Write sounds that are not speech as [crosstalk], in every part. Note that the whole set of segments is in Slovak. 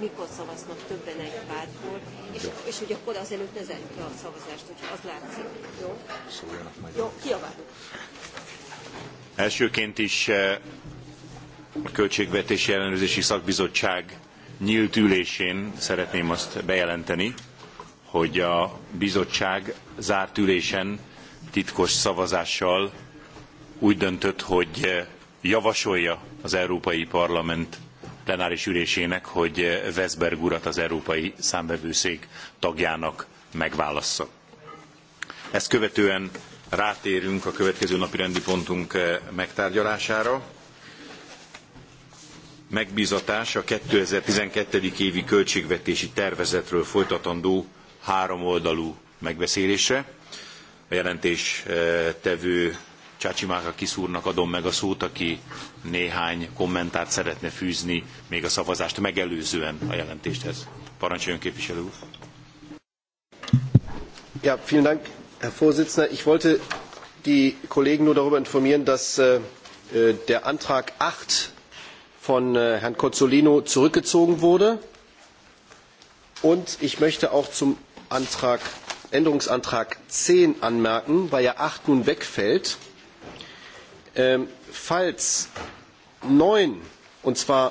mikor szavaznak többen egy pártból, és, és hogy akkor azelőtt ne zárjuk le a szavazást, hogyha az látszik. Jó? Jó, kiabálunk. Elsőként is eh, a Költségvetési Ellenőrzési Szakbizottság nyílt ülésén szeretném azt bejelenteni, hogy a bizottság zárt ülésen titkos szavazással úgy döntött, hogy eh, javasolja az Európai Parlament plenáris ülésének, hogy Veszberg urat az Európai Számvevőszék tagjának megválassza. Ezt követően rátérünk a következő napi rendi pontunk eh, megtárgyalására. Megbízatás a 2012. évi költségvetési tervezetről folytatandó háromoldalú megbeszélésre. A jelentés eh, tevő Csácsimáka kiszúrnak adom meg a szót, aki néhány kommentárt szeretne fűzni még a szavazást megelőzően a jelentéshez. Parancsoljon képviselő úr! Ja, vielen Dank, Herr Vorsitzender. Ich wollte die Kollegen nur darüber informieren, dass äh, der Antrag 8 von äh, Herrn Cozzolino zurückgezogen wurde. Und ich möchte auch zum Antrag, Änderungsantrag 10 anmerken, weil ja er 8 nun wegfällt Ähm, falls neun und zwar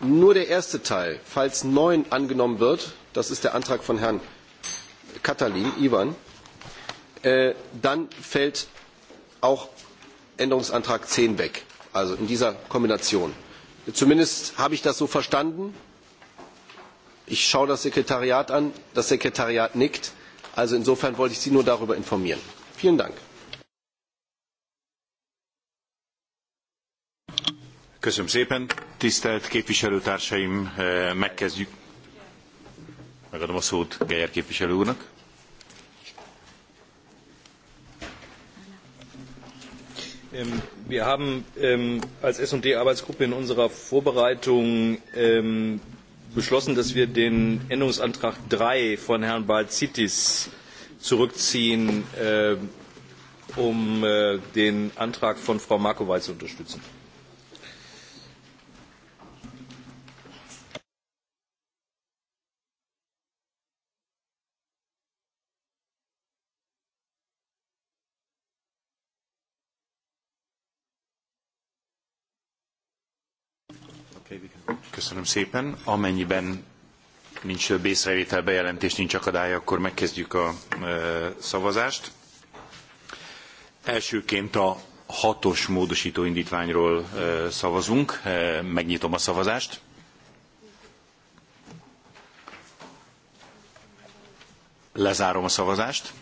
nur der erste Teil, falls neun angenommen wird, das ist der Antrag von Herrn Katalin, Ivan, äh, dann fällt auch Änderungsantrag zehn weg, also in dieser Kombination. Zumindest habe ich das so verstanden. Ich schaue das Sekretariat an, das Sekretariat nickt. Also insofern wollte ich Sie nur darüber informieren. Vielen Dank. Köszönöm szépen. Tisztelt képviselőtársaim, eh, megkezdjük. Megadom a szót Geyer képviselő úrnak. Ähm, wir haben ähm, als S&D-Arbeitsgruppe in unserer Vorbereitung ähm, beschlossen, dass wir den Änderungsantrag drei von Herrn Balzitis zurückziehen, äh, um äh, den Antrag von Frau Markowaj zu unterstützen. Köszönöm szépen. Amennyiben nincs több észrevétel, bejelentés, nincs akadály, akkor megkezdjük a e, szavazást. Elsőként a hatos módosító indítványról e, szavazunk. E, megnyitom a szavazást. Lezárom a szavazást.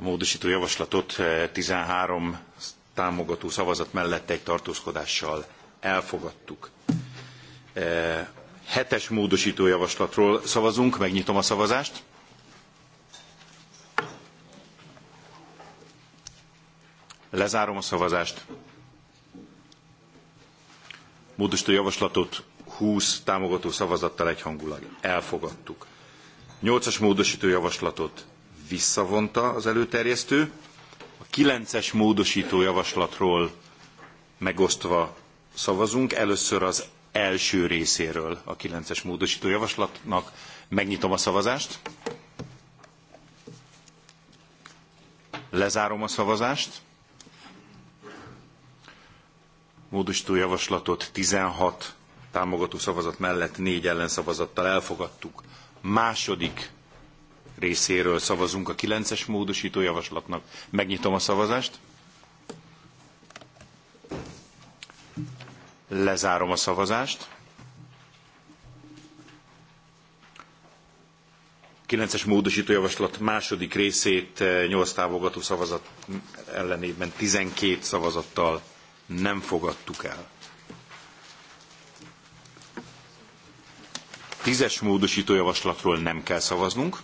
a módosító javaslatot 13 eh, támogató szavazat mellett egy tartózkodással elfogadtuk. Eh, hetes módosító javaslatról szavazunk, megnyitom a szavazást. Lezárom a szavazást. Módosító javaslatot 20 támogató szavazattal egyhangulag elfogadtuk. Nyolcas módosító javaslatot visszavonta az előterjesztő. A kilences módosító javaslatról megosztva szavazunk. Először az első részéről a kilences módosító javaslatnak. Megnyitom a szavazást. Lezárom a szavazást. Módosító javaslatot 16 támogató szavazat mellett négy ellenszavazattal elfogadtuk. Második részéről szavazunk a 9-es módosító javaslatnak. Megnyitom a szavazást. Lezárom a szavazást. 9-es módosító javaslat második részét 8 eh, távogató szavazat ellenében 12 szavazattal nem fogadtuk el. Tízes módosító javaslatról nem kell szavaznunk.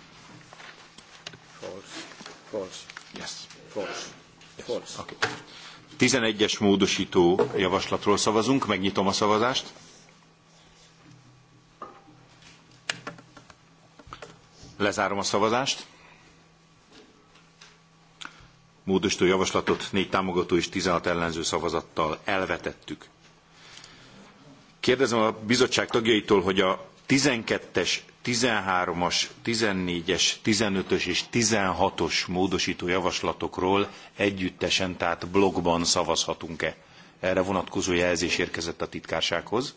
False. Yes. False. Yes. False. Okay. 11-es módosító javaslatról szavazunk, megnyitom a szavazást. Lezárom a szavazást. Módosító javaslatot négy támogató és 16 ellenző szavazattal elvetettük. Kérdezem a bizottság tagjaitól, hogy a 12-es, 13-as, 14-es, 15-ös és 16-os módosító javaslatokról együttesen, tehát blogban szavazhatunk-e? Erre vonatkozó jelzés érkezett a titkársághoz.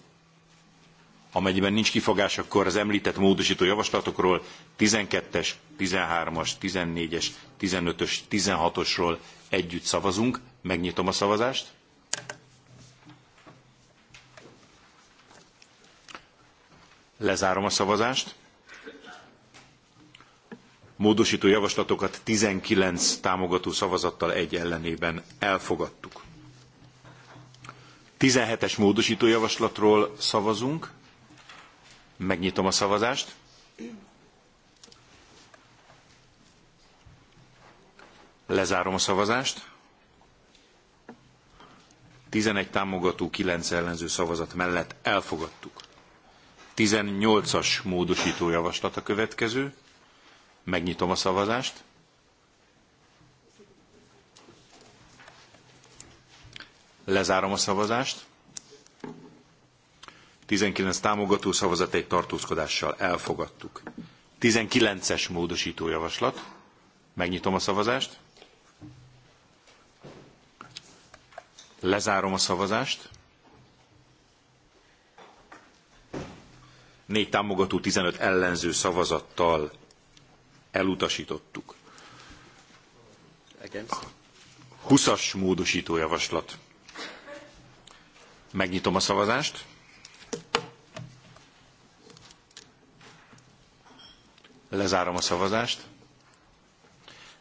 Amennyiben nincs kifogás, akkor az említett módosító javaslatokról 12-es, 13-as, 14-es, 15-ös, 16-osról együtt szavazunk. Megnyitom a szavazást. Lezárom a szavazást módosító javaslatokat 19 támogató szavazattal egy ellenében elfogadtuk. 17-es módosító javaslatról szavazunk. Megnyitom a szavazást. Lezárom a szavazást. 11 támogató, 9 ellenző szavazat mellett elfogadtuk. 18-as módosító javaslat a következő. Megnyitom a szavazást. Lezárom a szavazást. 19 támogató szavazat egy tartózkodással elfogadtuk. 19-es módosító javaslat. Megnyitom a szavazást. Lezárom a szavazást. Négy támogató 15 ellenző szavazattal elutasítottuk. Huszas módosító javaslat. Megnyitom a szavazást. Lezárom a szavazást.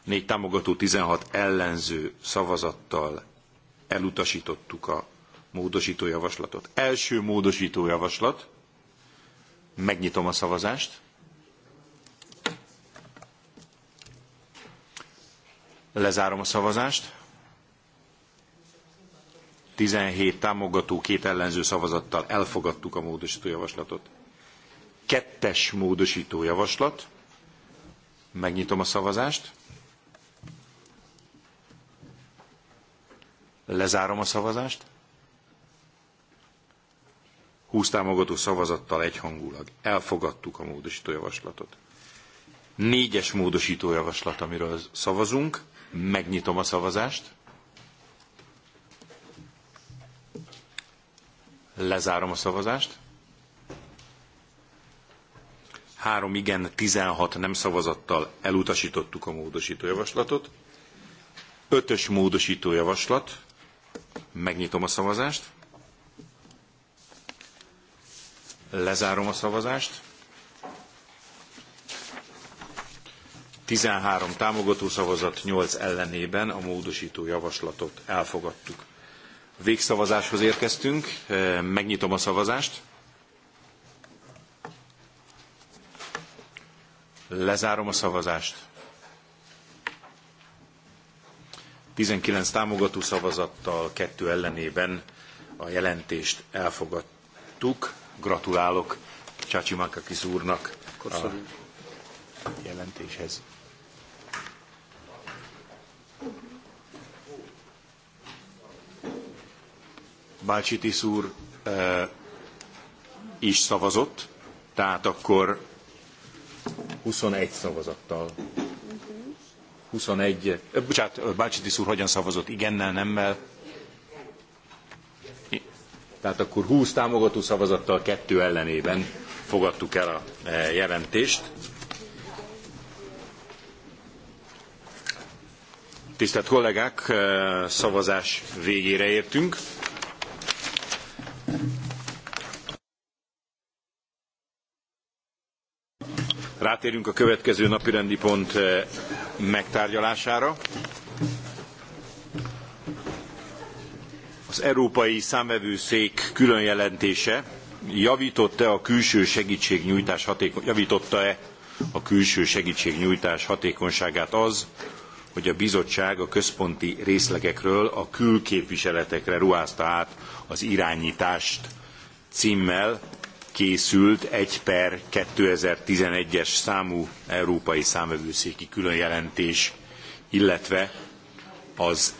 Négy támogató, 16 ellenző szavazattal elutasítottuk a módosítójavaslatot. Első javaslat. Megnyitom a szavazást. Lezárom a szavazást. 17 támogató, két ellenző szavazattal elfogadtuk a módosító javaslatot. Kettes módosító javaslat. Megnyitom a szavazást. Lezárom a szavazást. 20 támogató szavazattal egyhangulag elfogadtuk a módosító javaslatot. Négyes módosító javaslat, amiről szavazunk. Megnyitom a szavazást. Lezárom a szavazást. Három igen, 16 nem szavazattal elutasítottuk a módosító javaslatot. Ötös módosító javaslat. Megnyitom a szavazást. Lezárom a szavazást. 13 támogató szavazat 8 ellenében a módosító javaslatot elfogadtuk. Végszavazáshoz érkeztünk, megnyitom a szavazást. Lezárom a szavazást. 19 támogató szavazattal, 2 ellenében a jelentést elfogadtuk. Gratulálok Csácsi Makakis úrnak a jelentéshez. Bácsitis úr is szavazott, tehát akkor 21 szavazattal. 21, bocsánat, Bácsitis úr hogyan szavazott? Igennel, nemmel? Tehát akkor 20 támogató szavazattal, kettő ellenében fogadtuk el a jelentést. Tisztelt kollégák, szavazás végére értünk. Rátérünk a következő napirendi pont eh, megtárgyalására. Az Európai Számvevőszék külön javította a külső segítségnyújtás javította-e a külső segítségnyújtás hatékonyságát az, hogy a bizottság a központi részlegekről a külképviseletekre ruházta át az irányítást címmel készült egy per 2011-es számú európai számövőszéki különjelentés, illetve az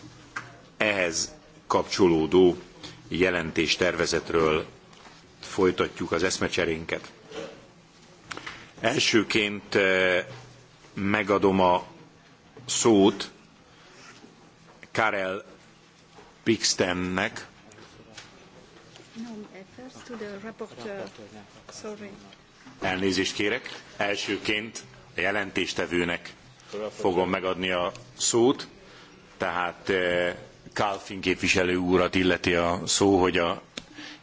ehhez kapcsolódó jelentéstervezetről folytatjuk az eszmecserénket. Elsőként eh, megadom a szót Karel Pixtennek. Eh, Elnézést kérek. Elsőként a jelentéstevőnek fogom megadni a szót, tehát eh, Kálfin képviselő úrat illeti a szó, hogy a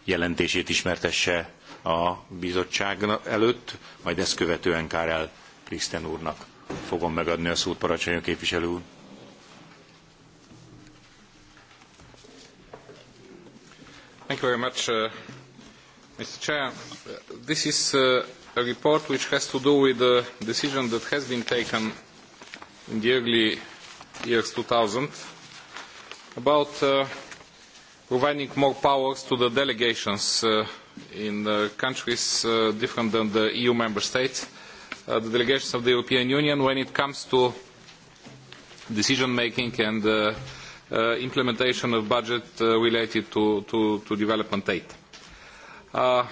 jelentését ismertesse a bizottság előtt, majd ezt követően Karel Pixten úrnak fogom megadni a szót, parancsoljon képviselő úr. Thank you very much, uh, Mr. Chair. This is uh, a report which has to do with the decision that has been taken in the early years 2000 about uh, providing more powers to the delegations uh, in uh, countries uh, different than the EU member states uh, the delegations of the European Union when it comes to decision making and uh, uh, implementation of budget uh, related to, to, to development aid. Uh,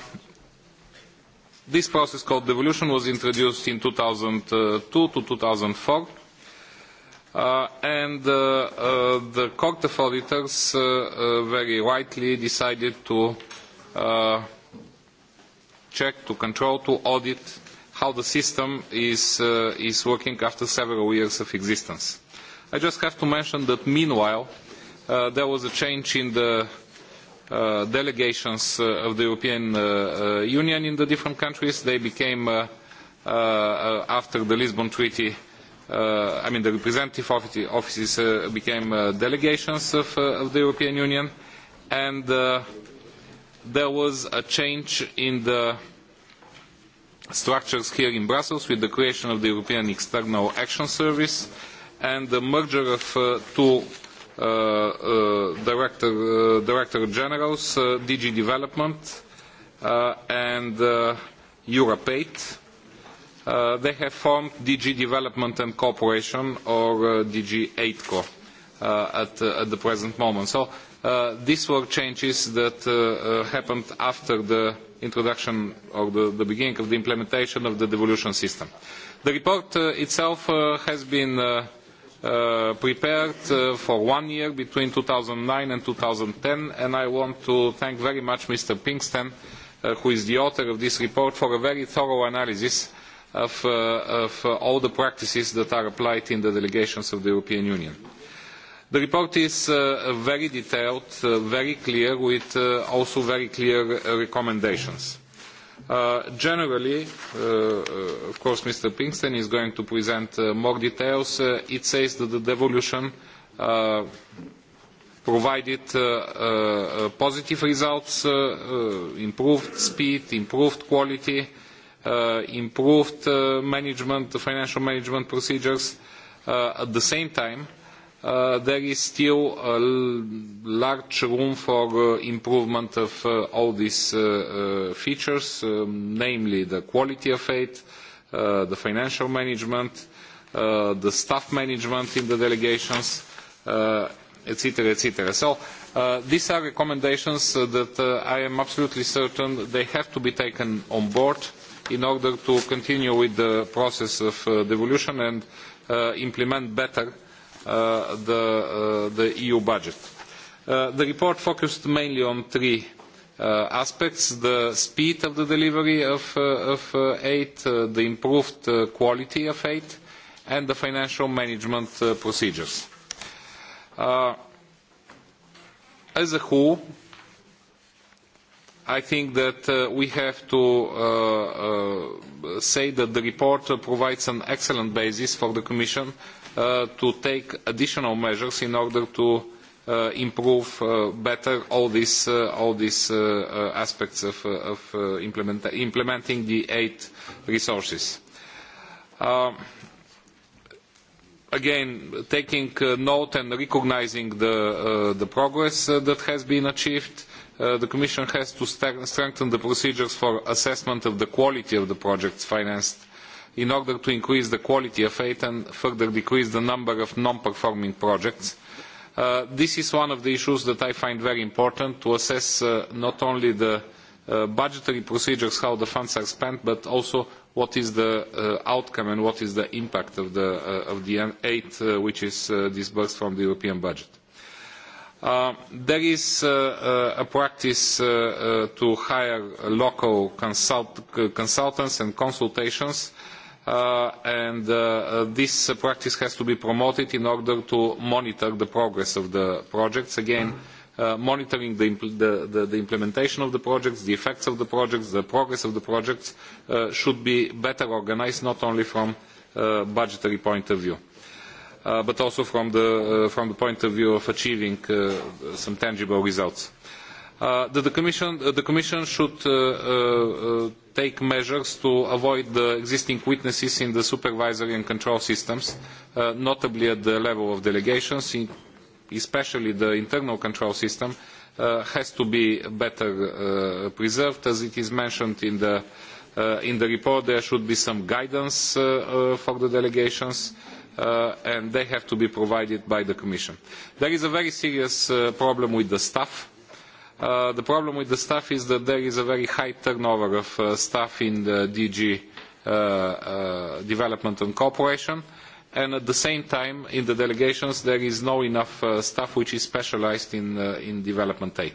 this process called devolution was introduced in 2002 to 2004 uh, and uh, uh, the court of uh, uh, very rightly decided to uh, check, to control, to audit how the system is, uh, is working after several years of existence. I just have to mention that meanwhile, uh, there was a change in the uh, delegations uh, of the European uh, uh, Union in the different countries. They became, uh, uh, uh, after the Lisbon Treaty, uh, I mean the representative offices uh, became uh, delegations of, uh, of the European Union, and uh, there was a change in the structures here in Brussels with the creation of the European External Action Service and the merger of uh, two uh, uh director, uh, director, generals, uh, DG Development and uh, Europaid. they have formed DG Development and Cooperation, or DG AIDCO, at, at, the present moment. So these were changes that happened after the introduction or the, the beginning of the implementation of the devolution system. The report uh, itself uh, has been uh, uh, prepared uh, for one year between 2009 and 2010 and I want to thank very much Mr. Pinkston uh, who is the author of this report for a very thorough analysis of, uh, of uh, all the practices that are applied in the delegations of the European Union. The report is uh, very detailed, uh, very clear, with uh, also very clear recommendations. Uh, generally, uh, of course, Mr. Pinkston is going to present uh, more details. it says that the devolution provided positive results, improved speed, improved quality, improved management, financial management procedures. at the same time, Uh, there is still a large room for uh, improvement of uh, all these uh, features, um, namely the quality of aid, the financial management, the staff management in the delegations, etc., etc. So these are recommendations that I am absolutely certain they have to be taken on board in order to continue with the process of devolution and implement better Uh, the, uh, the, EU budget. Uh, the report focused mainly on three aspects, the speed of the delivery of, of aid, the improved quality of aid, and the financial management procedures. as a whole, i think that uh, we have to uh, uh, say that the report provides an excellent basis for the Commission Uh, to take additional measures in order to uh, improve uh, better all these, all these aspects of, of implement, implementing the eight resources. again, taking note and recognising the, uh, the progress that has been achieved, uh, the Commission has to strengthen the procedures for assessment of the quality of the projects financed in order to increase the quality of aid and further decrease the number of non-performing projects. Uh, this is one of the issues that I find very important to assess uh, not only the uh, budgetary procedures, how the funds are spent, but also what is the uh, outcome and what is the impact of the, uh, of the aid uh, which is disbursed from the European budget. there is a practice to hire local consult consultants and consultations Uh, and uh, this uh, practice has to be promoted in order to monitor the progress of the projects. Again, mm-hmm. uh, monitoring the, impl the, the, the, implementation of the projects, the effects of the projects, the progress of the projects uh, should be better organised not only from a uh, budgetary point of view, but also from the, from the point of view of achieving some tangible results. the, Commission, the Commission should take measures to avoid the existing weaknesses in the supervisory and control systems, uh, notably at the level of delegations, especially the internal control system, uh, has to be better uh, preserved. As it is mentioned in the, uh, in the report, there should be some guidance uh, uh, for the delegations. and they have to be provided by the Commission. There is a very serious problem with the staff Uh, the problem with the staff is that there is a very high turnover of uh, staff in the DG uh, uh, development and cooperation. And at the same time, in the delegations, there is no enough uh, staff which is specialized in, uh, in development aid.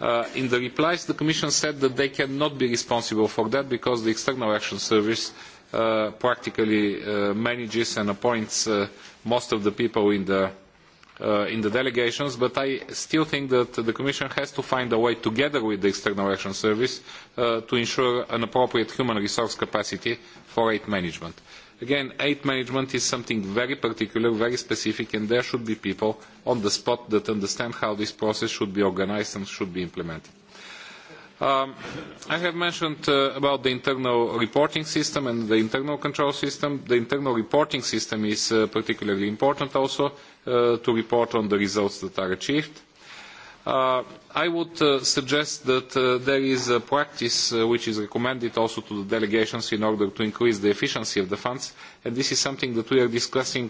Uh, in the replies, the Commission said that they cannot be responsible for that because the External Action Service uh, practically uh, manages and appoints uh, most of the people in the Uh, in the delegations, but I still think that the Commission has to find a way, together with the External Action Service, uh, to ensure an appropriate human resource capacity for aid management. Again, aid management is something very particular, very specific, and there should be people on the spot that understand how this process should be organised and should be implemented. Um, I have mentioned uh, about the internal reporting system and the internal control system. The internal reporting system is uh, particularly important also uh, to report on the results that are achieved. Uh, I would uh, suggest that uh, there is a practice which is recommended also to the delegations in order to increase the efficiency of the funds, and this is something that we are discussing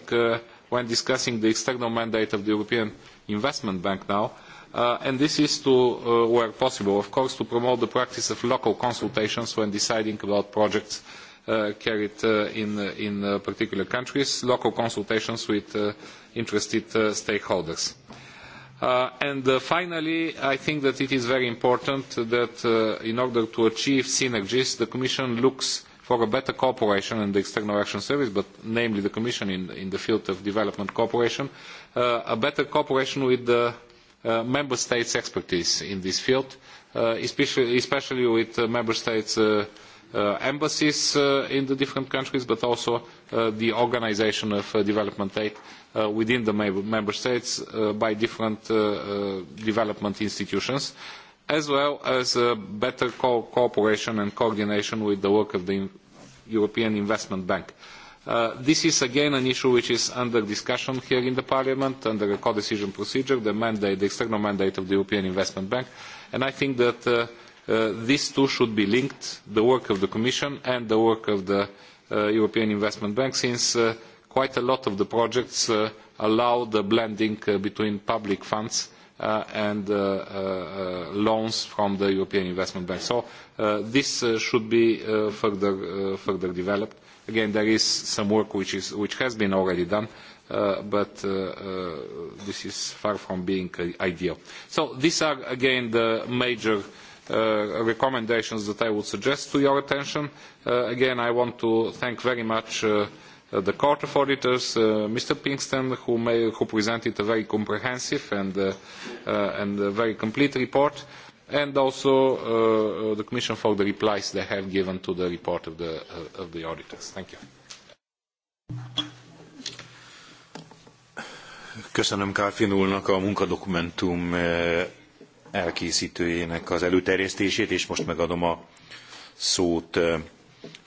when discussing the external mandate of the European Investment Bank now, uh, and this is to, uh, where possible, of course, to promote the practice of local consultations when deciding about projects uh, carried uh, in, uh, in uh, particular countries, local consultations with interested stakeholders. and finally, I think that it is very important that in order to achieve synergies, the Commission looks for a better cooperation in the External Action Service, but namely the Commission in, in the field of development cooperation, uh, a better cooperation with the uh, Member States' expertise in this field, uh, especially, especially with uh, Member States' uh, uh, embassies uh, in the different countries, but also uh, the organisation of uh, development aid uh, within the member states uh, by different uh, uh, development institutions. Uh, as well as better cooperation and coordination with the work of the European Investment Bank. Uh, this is again an issue which is under discussion here in parliament under a codecision procedure, the, mandate, the external mandate of the European Investment Bank, and I think that uh, uh, these two should be linked, the work of the Commission and the work of the European Investment Bank, since quite a lot of the projects allow the blending between public funds Uh, and uh, uh, loans from the European Investment Bank. So This should be further, further developed. Again, there is some work which, is, which has been already done, but this is far from being ideal. So These are, again, the major recommendations that I would suggest to your attention. Again, I want to thank very much Uh, the court of auditors, uh, Mr. Pinkston, who, may, who presented a very comprehensive and, uh, uh, and a very complete report, and also uh, uh, the Commission for the replies they have given to the report of the, uh, of the auditors. Thank you. Köszönöm Kárfin úrnak a munkadokumentum uh, elkészítőjének az előterjesztését, és most megadom a szót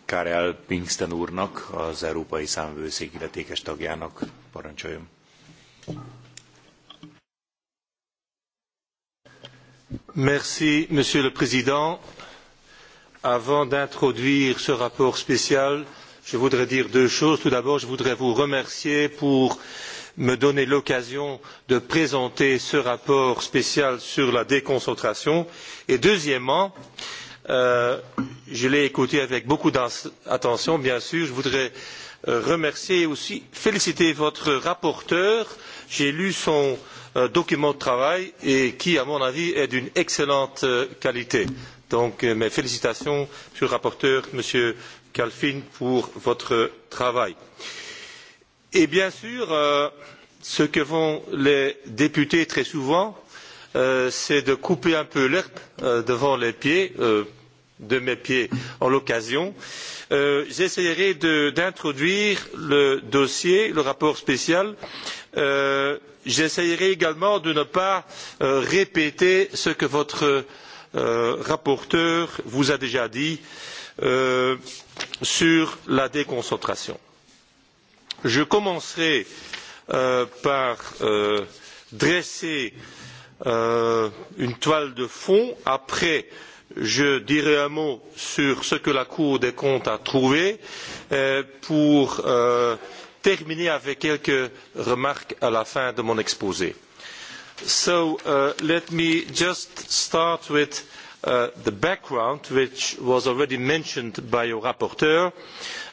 Karel Pinkston úrnak, az Európai Számvőszék illetékes tagjának. Parancsoljon! Merci, Monsieur le Président. Avant d'introduire ce rapport spécial, je voudrais dire deux choses. Tout d'abord, je voudrais vous remercier pour me donner l'occasion de présenter ce rapport spécial sur la déconcentration. Et deuxièmement, je Euh, je l'ai écouté avec beaucoup d'attention, bien sûr. Je voudrais euh, remercier et aussi féliciter votre rapporteur. J'ai lu son euh, document de travail et qui, à mon avis, est d'une excellente euh, qualité. Donc euh, mes félicitations, Monsieur le rapporteur, Monsieur Kalfin, pour votre travail. Et bien sûr, ce que font les députés très souvent, Euh, c'est de couper un peu l'herbe euh, devant les pieds euh, de mes pieds en l'occasion j'essaierai d'introduire le dossier le rapport spécial j'essaierai également de ne pas répéter ce que votre rapporteur vous a déjà dit sur la déconcentration. je commencerai par dresser Euh, une toile de fond. Après, je dirai un mot sur ce que la Cour des comptes a trouvé euh, pour euh, terminer avec quelques remarques à la fin de mon exposé. So uh, let me just start with uh, the background, which was already mentioned by your rapporteur.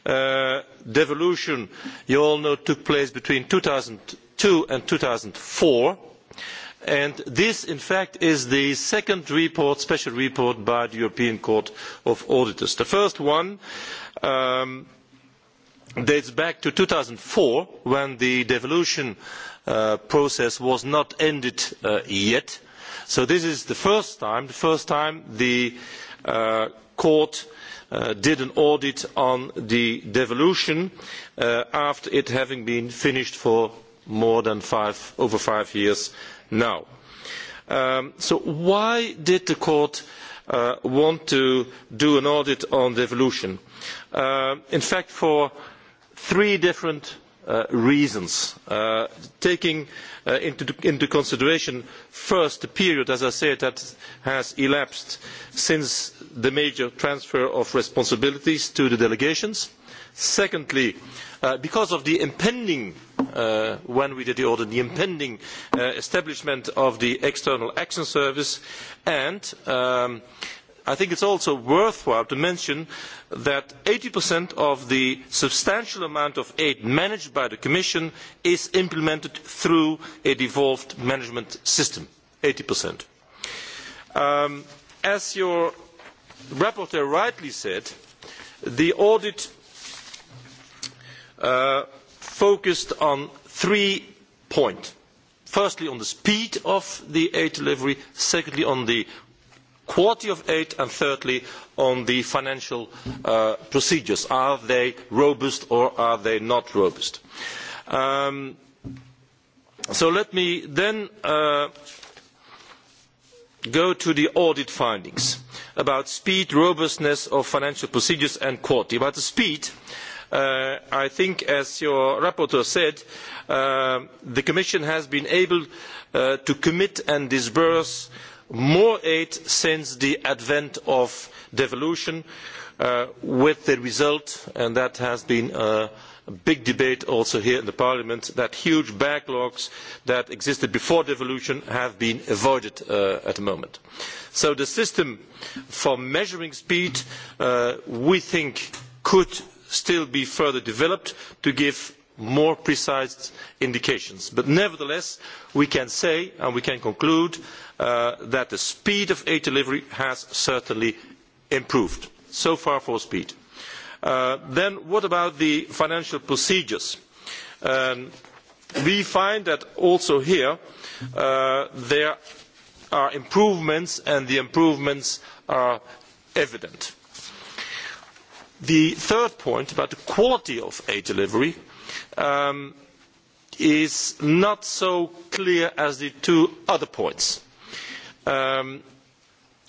Uh, devolution, you all know, took place between two thousand two and two thousand four and this in fact is the second special report by the European Court of Auditors. The first one um, dates back to two thousand and four when the devolution uh, process was not ended uh, yet. So this is the first time, the first time the uh, court did an audit on the devolution after it having been finished for more than over five years now. Um, so why did the court uh, want to do an audit on devolution? Uh, in fact, for three different uh, reasons taking into, into consideration first the period as i said that has elapsed since the major transfer of responsibilities to the delegations secondly the Uh, because of the impending uh, when we did the audit the impending uh, establishment of the external action service and um, i think it is also worthwhile to mention that eighty of the substantial amount of aid managed by the commission is implemented through a devolved management system eighty um, as your rapporteur rightly said the audit Uh, focused on three points. Firstly, on the speed of the aid delivery, secondly, on the quality of aid, and thirdly, on the financial uh, procedures. Are they robust or are they not robust? Um, so let me then uh, go to the audit findings about speed, robustness of financial procedures and quality. About the speed, uh, Uh, I think, as your rapporteur said, uh, the Commission has been able uh, to commit and disburse more aid since the advent of devolution, uh, with the result, and that has been a big debate also here in Parliament, that huge backlogs that existed before devolution have been avoided uh, at the moment. So the system for measuring speed, uh, we think, could still be further developed to give more precise indications. but nevertheless we can say and we can conclude uh, that the speed of aid delivery has certainly improved. so far for speed. Uh, then what about the financial procedures? Um, we find that also here uh, there are improvements and the improvements are evident The third point about the quality of aid delivery um, is not so clear as the two other points. Um,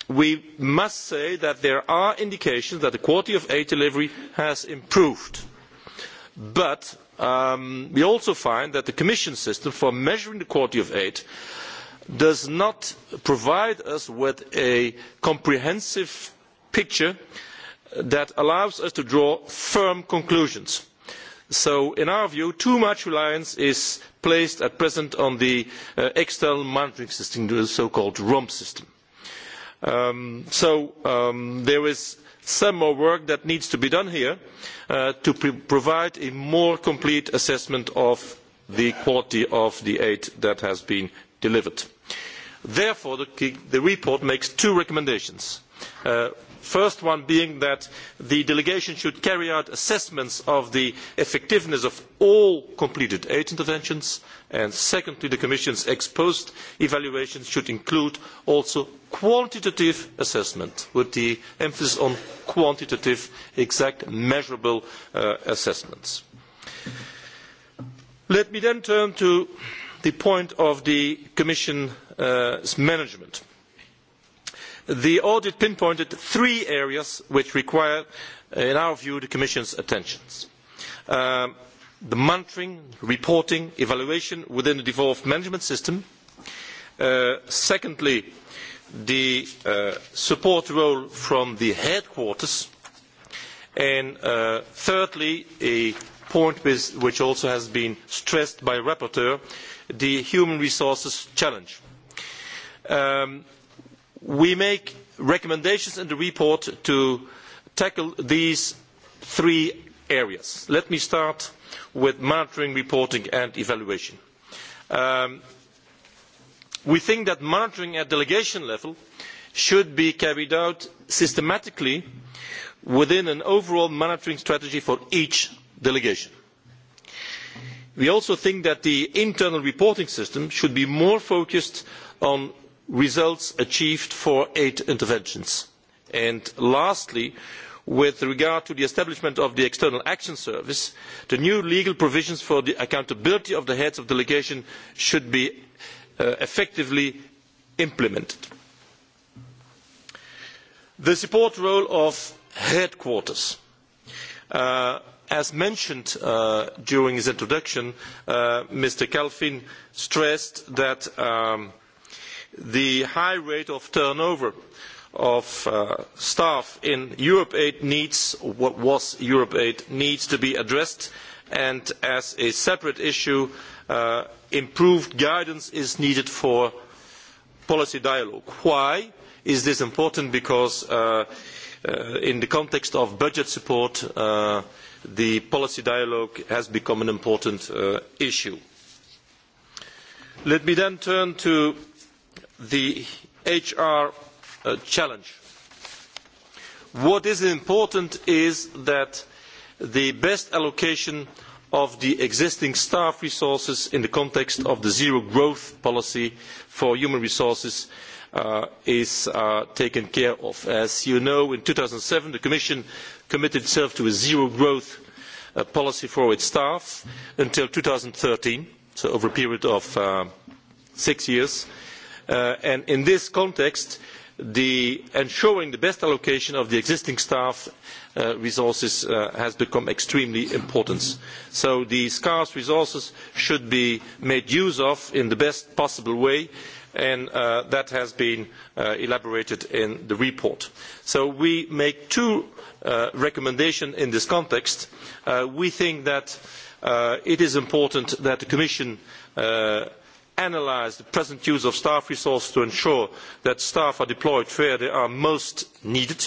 we must say that there are indications that the quality of aid delivery has improved. But um, we also find that the Commission system for measuring the quality of aid does not provide us with a comprehensive picture that allows us to draw firm conclusions. so in our view too much reliance is placed at present on the uh, external monitoring system the um, so called rom um, system. so there is some more work that needs to be done here uh, to provide a more complete assessment of the quality of the aid that has been delivered. therefore the, report makes two recommendations. Uh, first one being that the delegation should carry out assessments of the effectiveness of all completed aid interventions and secondly the commission's ex post evaluations should include also quantitative assessment with the emphasis on quantitative exact measurable uh, assessments. let me then turn to the point of the commission's uh, management the audit pinpointed three areas which require uh, in our view the commission's attention um, the monitoring reporting and evaluation within the devolved management system uh, secondly the uh, support role from the headquarters and uh, thirdly a point with, which also has been stressed by the rapporteur the human resources challenge. Um, we make recommendations in the report to tackle these three areas. let me start with monitoring reporting and evaluation. Um, we think that monitoring at delegation level should be carried out systematically within an overall monitoring strategy for each delegation. we also think that the internal reporting system should be more focused on results achieved for eight interventions. lastly with regard to the establishment of the external action service the new legal provisions for the accountability of the heads of delegation should be uh, effectively implemented. the support role of headquarters uh, as mentioned uh, during his introduction uh, mr kalfin stressed that um, the high rate of turnover of uh, staff in Europe Aid needs what was Europe Aid needs to be addressed and as a separate issue uh, improved guidance is needed for policy dialogue. Why is this important? Because uh, uh in the context of budget support uh, the policy dialogue has become an important uh, issue. Let me then turn to the HR uh, challenge. What is important is that the best allocation of the existing staff resources in the context of the zero growth policy for human resources uh, is uh, taken care of. As you know, in two thousand seven the Commission committed itself to a zero growth policy for its staff until thirteen, so over a period of six years. Uh, and in this context ensuring the best allocation of the existing staff uh, resources uh, has become extremely important. So the scarce resources should be made use of in the best possible way and that has been elaborated in the report. So we make two recommendations in this context. we think that it is important that the Commission analyse the present use of staff resources to ensure that staff are deployed where they are most needed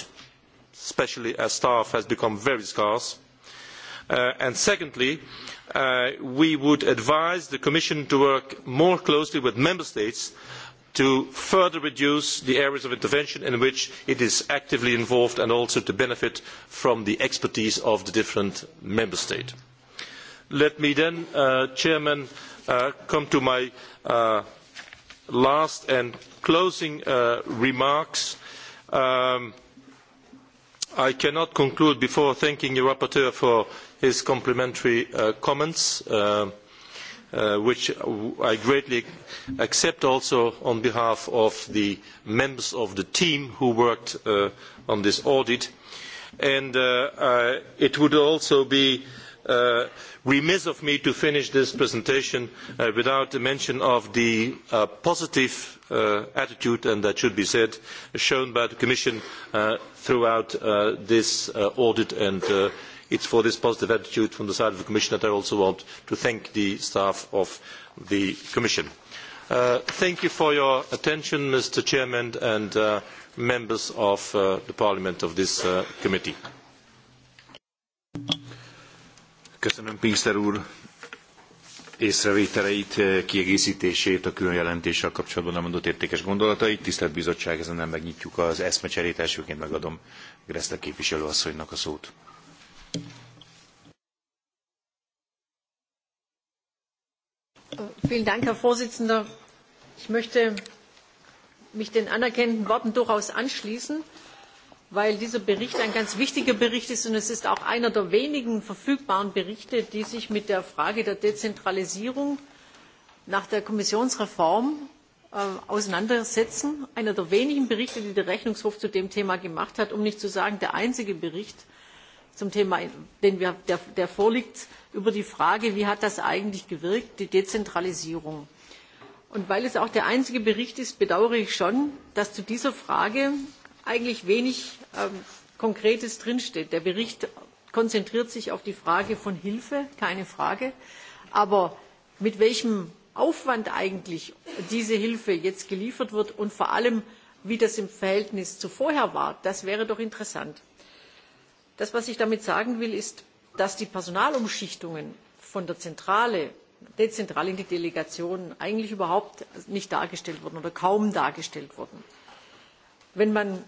especially as staff has become very scarce uh, and secondly uh, we would advise the commission to work more closely with member states to further reduce the areas of intervention in which it is actively involved and also to benefit from the expertise of the different member states. let me then uh, Chairman, Uh, come to my uh, last and closing uh, remarks. Um, I cannot conclude before thanking the rapporteur for his complimentary comments. which i greatly accept also on behalf of the members of the team who worked on this audit it would also be Uh, remiss of me to finish this presentation uh, without a mention of the uh, positive attitude, and that should be said, shown by the Commission throughout this audit, and it is for this positive attitude from the side of the Commission that I also want to thank the staff of the Commission. thank you for your attention, Mr. Chairman, and members of the Parliament of this committee. Köszönöm Pinkster úr észrevételeit, eh, kiegészítését, a külön jelentéssel kapcsolatban elmondott értékes gondolatait. Tisztelt Bizottság, ezen nem megnyitjuk az eszmecserét. Elsőként megadom Greszle képviselő asszonynak a szót. Vielen Dank, Herr Vorsitzender. Ich möchte mich den anerkennenden Worten durchaus anschließen weil dieser Bericht ein ganz wichtiger Bericht ist und es ist auch einer der wenigen verfügbaren Berichte, die sich mit der Frage der Dezentralisierung nach der Kommissionsreform äh, auseinandersetzen. Einer der wenigen Berichte, die der Rechnungshof zu dem Thema gemacht hat, um nicht zu sagen der einzige Bericht zum Thema, den wir, der, der vorliegt, über die Frage, wie hat das eigentlich gewirkt, die Dezentralisierung. Und weil es auch der einzige Bericht ist, bedauere ich schon, dass zu dieser Frage eigentlich wenig ähm, Konkretes drinsteht. Der Bericht konzentriert sich auf die Frage von Hilfe, keine Frage. Aber mit welchem Aufwand eigentlich diese Hilfe jetzt geliefert wird und vor allem, wie das im Verhältnis zu vorher war, das wäre doch interessant. Das, was ich damit sagen will, ist, dass die Personalumschichtungen von der Zentrale dezentral in die Delegation eigentlich überhaupt nicht dargestellt wurden oder kaum dargestellt wurden Wenn man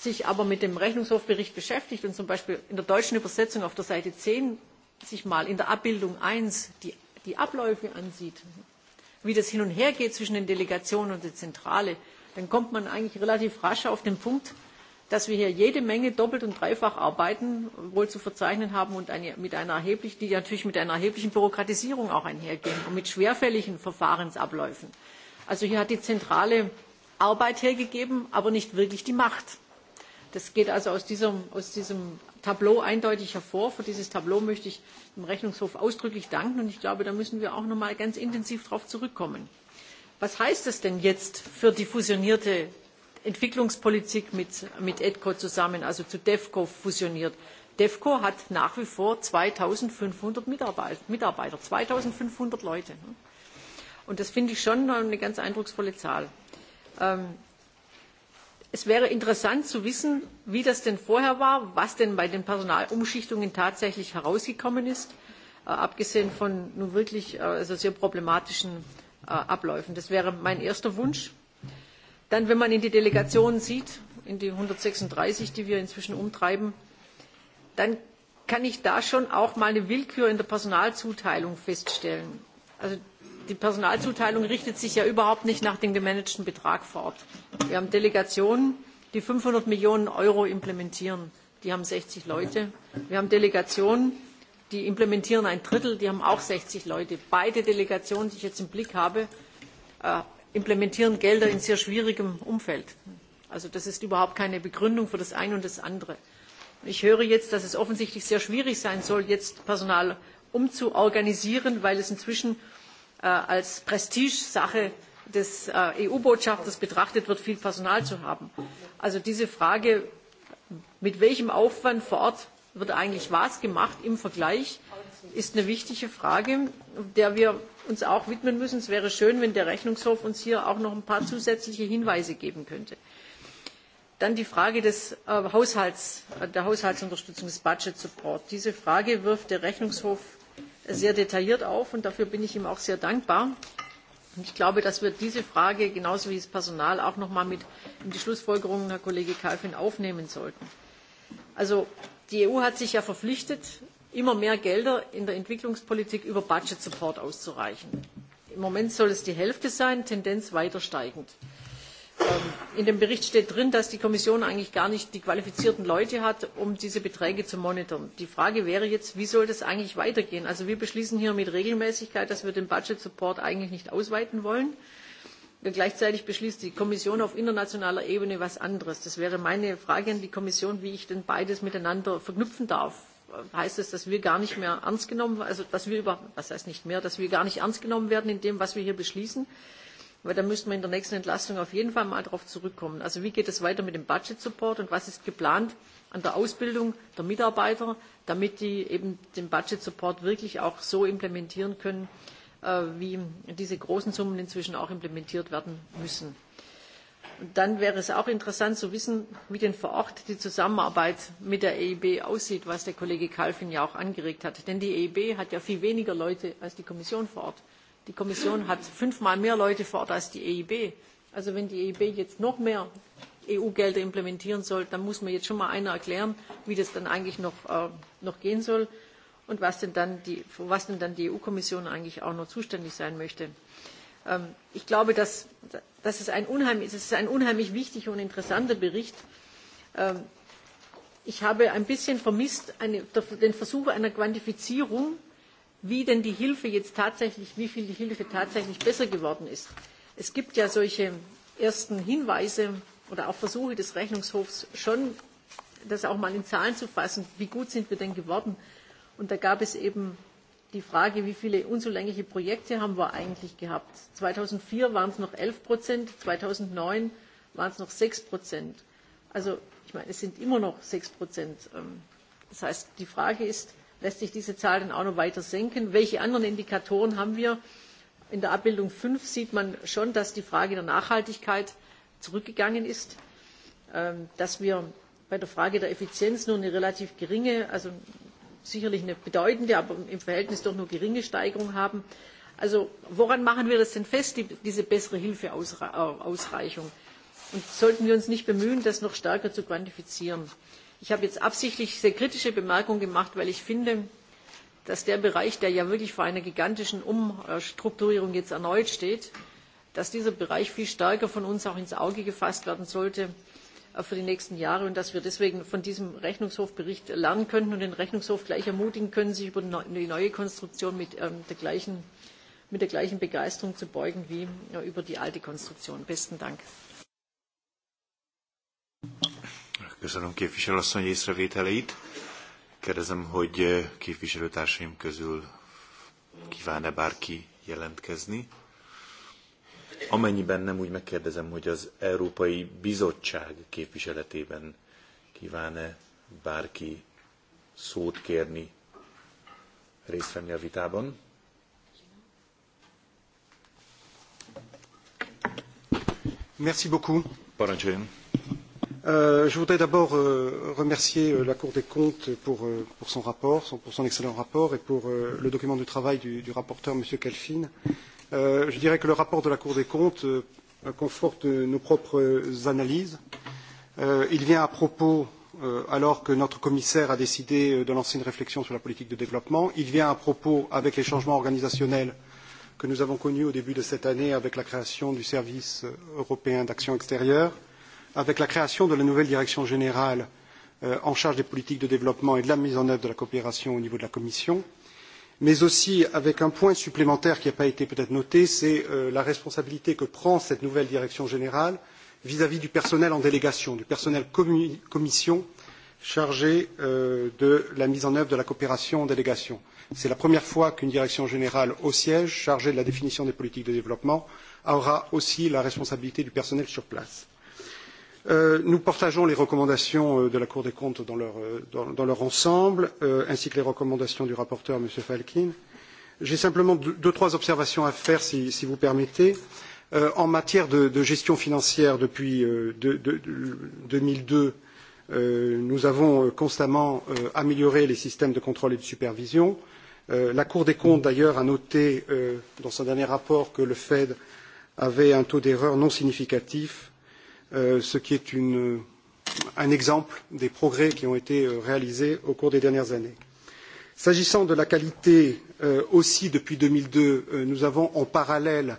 sich aber mit dem Rechnungshofbericht beschäftigt und zum Beispiel in der deutschen Übersetzung auf der Seite 10 sich mal in der Abbildung 1 die, die Abläufe ansieht, wie das hin und her geht zwischen den Delegationen und der Zentrale, dann kommt man eigentlich relativ rasch auf den Punkt, dass wir hier jede Menge doppelt und dreifach arbeiten wohl zu verzeichnen haben und eine, mit einer erheblich, die natürlich mit einer erheblichen Bürokratisierung auch einhergehen und mit schwerfälligen Verfahrensabläufen. Also hier hat die Zentrale Arbeit hergegeben, aber nicht wirklich die Macht. Das geht also aus diesem, aus diesem Tableau eindeutig hervor. Für dieses Tableau möchte ich dem Rechnungshof ausdrücklich danken und ich glaube, da müssen wir auch noch mal ganz intensiv darauf zurückkommen. Was heißt das denn jetzt für die fusionierte Entwicklungspolitik mit, mit EDCO zusammen, also zu DEFCO fusioniert? DEFCO hat nach wie vor 2500 Mitarbeiter, Mitarbeiter 2500 Leute. Und das finde ich schon eine ganz eindrucksvolle Zahl. Ähm, es wäre interessant zu wissen, wie das denn vorher war, was denn bei den Personalumschichtungen tatsächlich herausgekommen ist, äh, abgesehen von nun wirklich äh, sehr problematischen äh, Abläufen. Das wäre mein erster Wunsch. Dann, wenn man in die Delegationen sieht, in die 136, die wir inzwischen umtreiben, dann kann ich da schon auch mal eine Willkür in der Personalzuteilung feststellen. Also die personalzuteilung richtet sich ja überhaupt nicht nach dem gemanagten betrag fort. wir haben delegationen die fünfhundert millionen euro implementieren die haben sechzig leute. wir haben delegationen die implementieren ein drittel die haben auch sechzig leute. beide delegationen die ich jetzt im blick habe äh, implementieren gelder in sehr schwierigem umfeld. also das ist überhaupt keine begründung für das eine und das andere. ich höre jetzt dass es offensichtlich sehr schwierig sein soll jetzt personal umzuorganisieren weil es inzwischen Äh, als Prestigesache des äh, EU Botschafters betrachtet wird, viel Personal zu haben. Also diese Frage, mit welchem Aufwand vor Ort wird eigentlich was gemacht im Vergleich, ist eine wichtige Frage, der wir uns auch widmen müssen. Es wäre schön, wenn der Rechnungshof uns hier auch noch ein paar zusätzliche Hinweise geben könnte. Dann die Frage des äh, Haushalts, der Haushaltsunterstützung, des Budget Support. Diese Frage wirft der Rechnungshof sehr detailliert auf und dafür bin ich ihm auch sehr dankbar. Und ich glaube, dass wir diese Frage genauso wie das Personal auch noch mal mit in die Schlussfolgerungen, Herr Kollege Kalfin, aufnehmen sollten. Also die EU hat sich ja verpflichtet, immer mehr Gelder in der Entwicklungspolitik über Budget Support auszureichen. Im Moment soll es die Hälfte sein, Tendenz weiter steigend. Ähm, in dem Bericht steht drin, dass die Kommission eigentlich gar nicht die qualifizierten Leute hat, um diese Beträge zu monitoren. Die Frage wäre jetzt, wie soll das eigentlich weitergehen? Also wir beschließen hier mit Regelmäßigkeit, dass wir den Budget Support eigentlich nicht ausweiten wollen. Gleichzeitig beschließt die Kommission auf internationaler Ebene etwas anderes. Das wäre meine Frage an die Kommission, wie ich denn beides miteinander verknüpfen darf. Heißt es, das, dass wir gar nicht mehr ernst genommen, also dass wir über, was heißt nicht mehr, dass wir gar nicht ernst genommen werden in dem, was wir hier beschließen? weil da müssen wir in der nächsten Entlastung auf jeden Fall mal darauf zurückkommen. Also wie geht es weiter mit dem Budget Support und was ist geplant an der Ausbildung der Mitarbeiter, damit die eben den Budget Support wirklich auch so implementieren können, äh, wie diese großen Summen inzwischen auch implementiert werden müssen. Und dann wäre es auch interessant zu wissen, wie denn vor Ort die Zusammenarbeit mit der EIB aussieht, was der Kollege Kalfin ja auch angeregt hat. Denn die EIB hat ja viel weniger Leute als die Kommission vor Ort die kommission hat fünfmal mehr leute vor ort als die eib. also wenn die eib jetzt noch mehr eu gelder implementieren soll dann muss mir jetzt schon mal einer erklären wie das dann eigentlich noch, äh, gehen soll und was denn dann die, für was denn dann die eu kommission eigentlich auch noch zuständig sein möchte. Ähm, ich glaube dass, dass es ein unheimlich, das ist ein unheimlich wichtiger und interessanter bericht ähm, ich habe ein bisschen vermisst eine, den versuch einer quantifizierung wie denn die Hilfe jetzt tatsächlich, wie viel die Hilfe tatsächlich besser geworden ist. Es gibt ja solche ersten Hinweise oder auch Versuche des Rechnungshofs schon, das auch mal in Zahlen zu fassen, wie gut sind wir denn geworden. Und da gab es eben die Frage, wie viele unzulängliche Projekte haben wir eigentlich gehabt. 2004 waren es noch 11 Prozent, 2009 waren es noch 6 Prozent. Also ich meine, es sind immer noch 6 Prozent. Ähm, das heißt, die Frage ist, lässt sich diese Zahl dann auch noch weiter senken. Welche anderen Indikatoren haben wir? In der Abbildung fünf sieht man schon, dass die Frage der Nachhaltigkeit zurückgegangen ist, ähm, dass wir bei der Frage der Effizienz nur eine relativ geringe, also sicherlich eine bedeutende, aber im Verhältnis doch nur geringe Steigerung haben. Also woran machen wir das denn fest, diese bessere Hilfeausreichung? Äh, Und sollten wir uns nicht bemühen, das noch stärker zu quantifizieren? Ich habe jetzt absichtlich sehr kritische Bemerkungen gemacht, weil ich finde, dass der Bereich, der ja wirklich vor einer gigantischen Umstrukturierung jetzt erneut steht, dass dieser Bereich viel stärker von uns auch ins Auge gefasst werden sollte äh, für die nächsten Jahre und dass wir deswegen von diesem Rechnungshofbericht lernen könnten und den Rechnungshof gleich ermutigen können, sich über die neue Konstruktion mit, ähm, der, gleichen, mit der gleichen Begeisterung zu beugen wie äh, über die alte Konstruktion. Besten Dank. Köszönöm képviselőasszony észrevételeit. Kérdezem, hogy eh, képviselőtársaim közül kíván-e bárki jelentkezni. Amennyiben nem, úgy megkérdezem, hogy az Európai Bizottság képviseletében kíván-e bárki szót kérni, részt venni a vitában. Merci beaucoup. Parancsoljon. Euh, je voudrais d'abord euh, remercier euh, la Cour des comptes pour, euh, pour son rapport, son, pour son excellent rapport et pour euh, le document de travail du, du rapporteur, M. Kalfin. je dirais que le rapport de la Cour des comptes conforte nos propres analyses. il vient à propos, alors que notre commissaire a décidé de lancer une réflexion sur la politique de développement, il vient à propos avec les changements organisationnels que nous avons connus au début de cette année avec la création du service européen d'action extérieure, euh, avec la création de la nouvelle direction générale euh, en charge des politiques de développement et de la mise en œuvre de la coopération au niveau de la Commission, mais aussi avec un point supplémentaire qui n'a pas été peut-être noté, c'est euh, la responsabilité que prend cette nouvelle direction générale vis-à-vis du personnel en délégation, du personnel Commission chargé euh, de la mise en œuvre de la coopération en délégation. C'est la première fois qu'une direction générale au siège, chargée de la définition des politiques de développement, aura aussi la responsabilité du personnel sur place. Euh, nous partageons les recommandations euh, de la Cour des comptes dans leur, euh, dans, dans leur ensemble, ainsi que les recommandations du rapporteur, M. Falkin. J'ai simplement deux, deux, trois observations à faire, si, si vous permettez. Euh, en matière de, de, gestion financière, depuis deux mille deux, nous avons constamment euh, amélioré les systèmes de contrôle et de supervision. Euh, la Cour des comptes, d'ailleurs, a noté dans son dernier rapport que le Fed avait un taux d'erreur non significatif Euh, ce qui est une, un exemple des progrès qui ont été euh, réalisés au cours des dernières années. S'agissant de la qualité euh, aussi depuis deux mille deux, nous avons en parallèle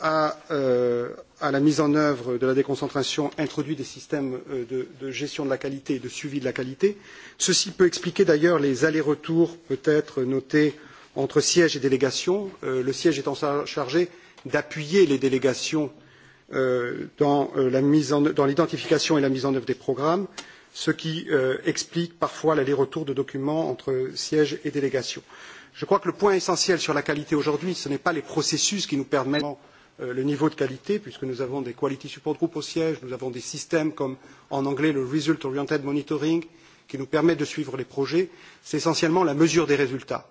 à, à la mise en œuvre de la déconcentration introduit des systèmes de, de, gestion de la qualité et de suivi de la qualité. Ceci peut expliquer d'ailleurs les allers-retours peut-être notés entre siège et délégation, le siège étant chargé d'appuyer les délégations Euh, euh, dans l'identification et la mise en œuvre des programmes, ce qui euh, explique parfois l'aller-retour de documents entre siège et délégation. Je crois que le point essentiel sur la qualité aujourd'hui, ce n'est pas les processus qui nous permettent le niveau de qualité, puisque nous avons des quality support groups au siège, nous avons des systèmes comme en anglais le result oriented monitoring qui nous permettent de suivre les projets, c'est essentiellement la mesure des résultats.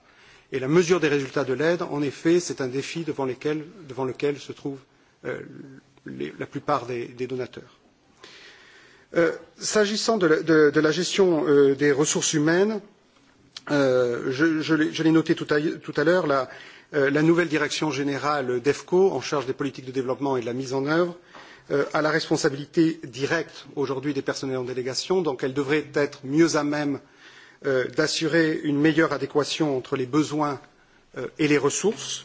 Et la mesure des résultats de l'aide, en effet, c'est un défi devant, lesquels, devant lequel se trouve euh, la plupart des, donateurs. Euh, s'agissant de, la gestion euh, des ressources humaines, euh, je, l'ai noté tout à, l'heure, la, la, nouvelle direction générale d'EFCO, en charge des politiques de développement et de la mise en œuvre, a la responsabilité directe aujourd'hui des personnels en délégation, donc elle devrait être mieux à même d'assurer une meilleure adéquation entre les besoins et les ressources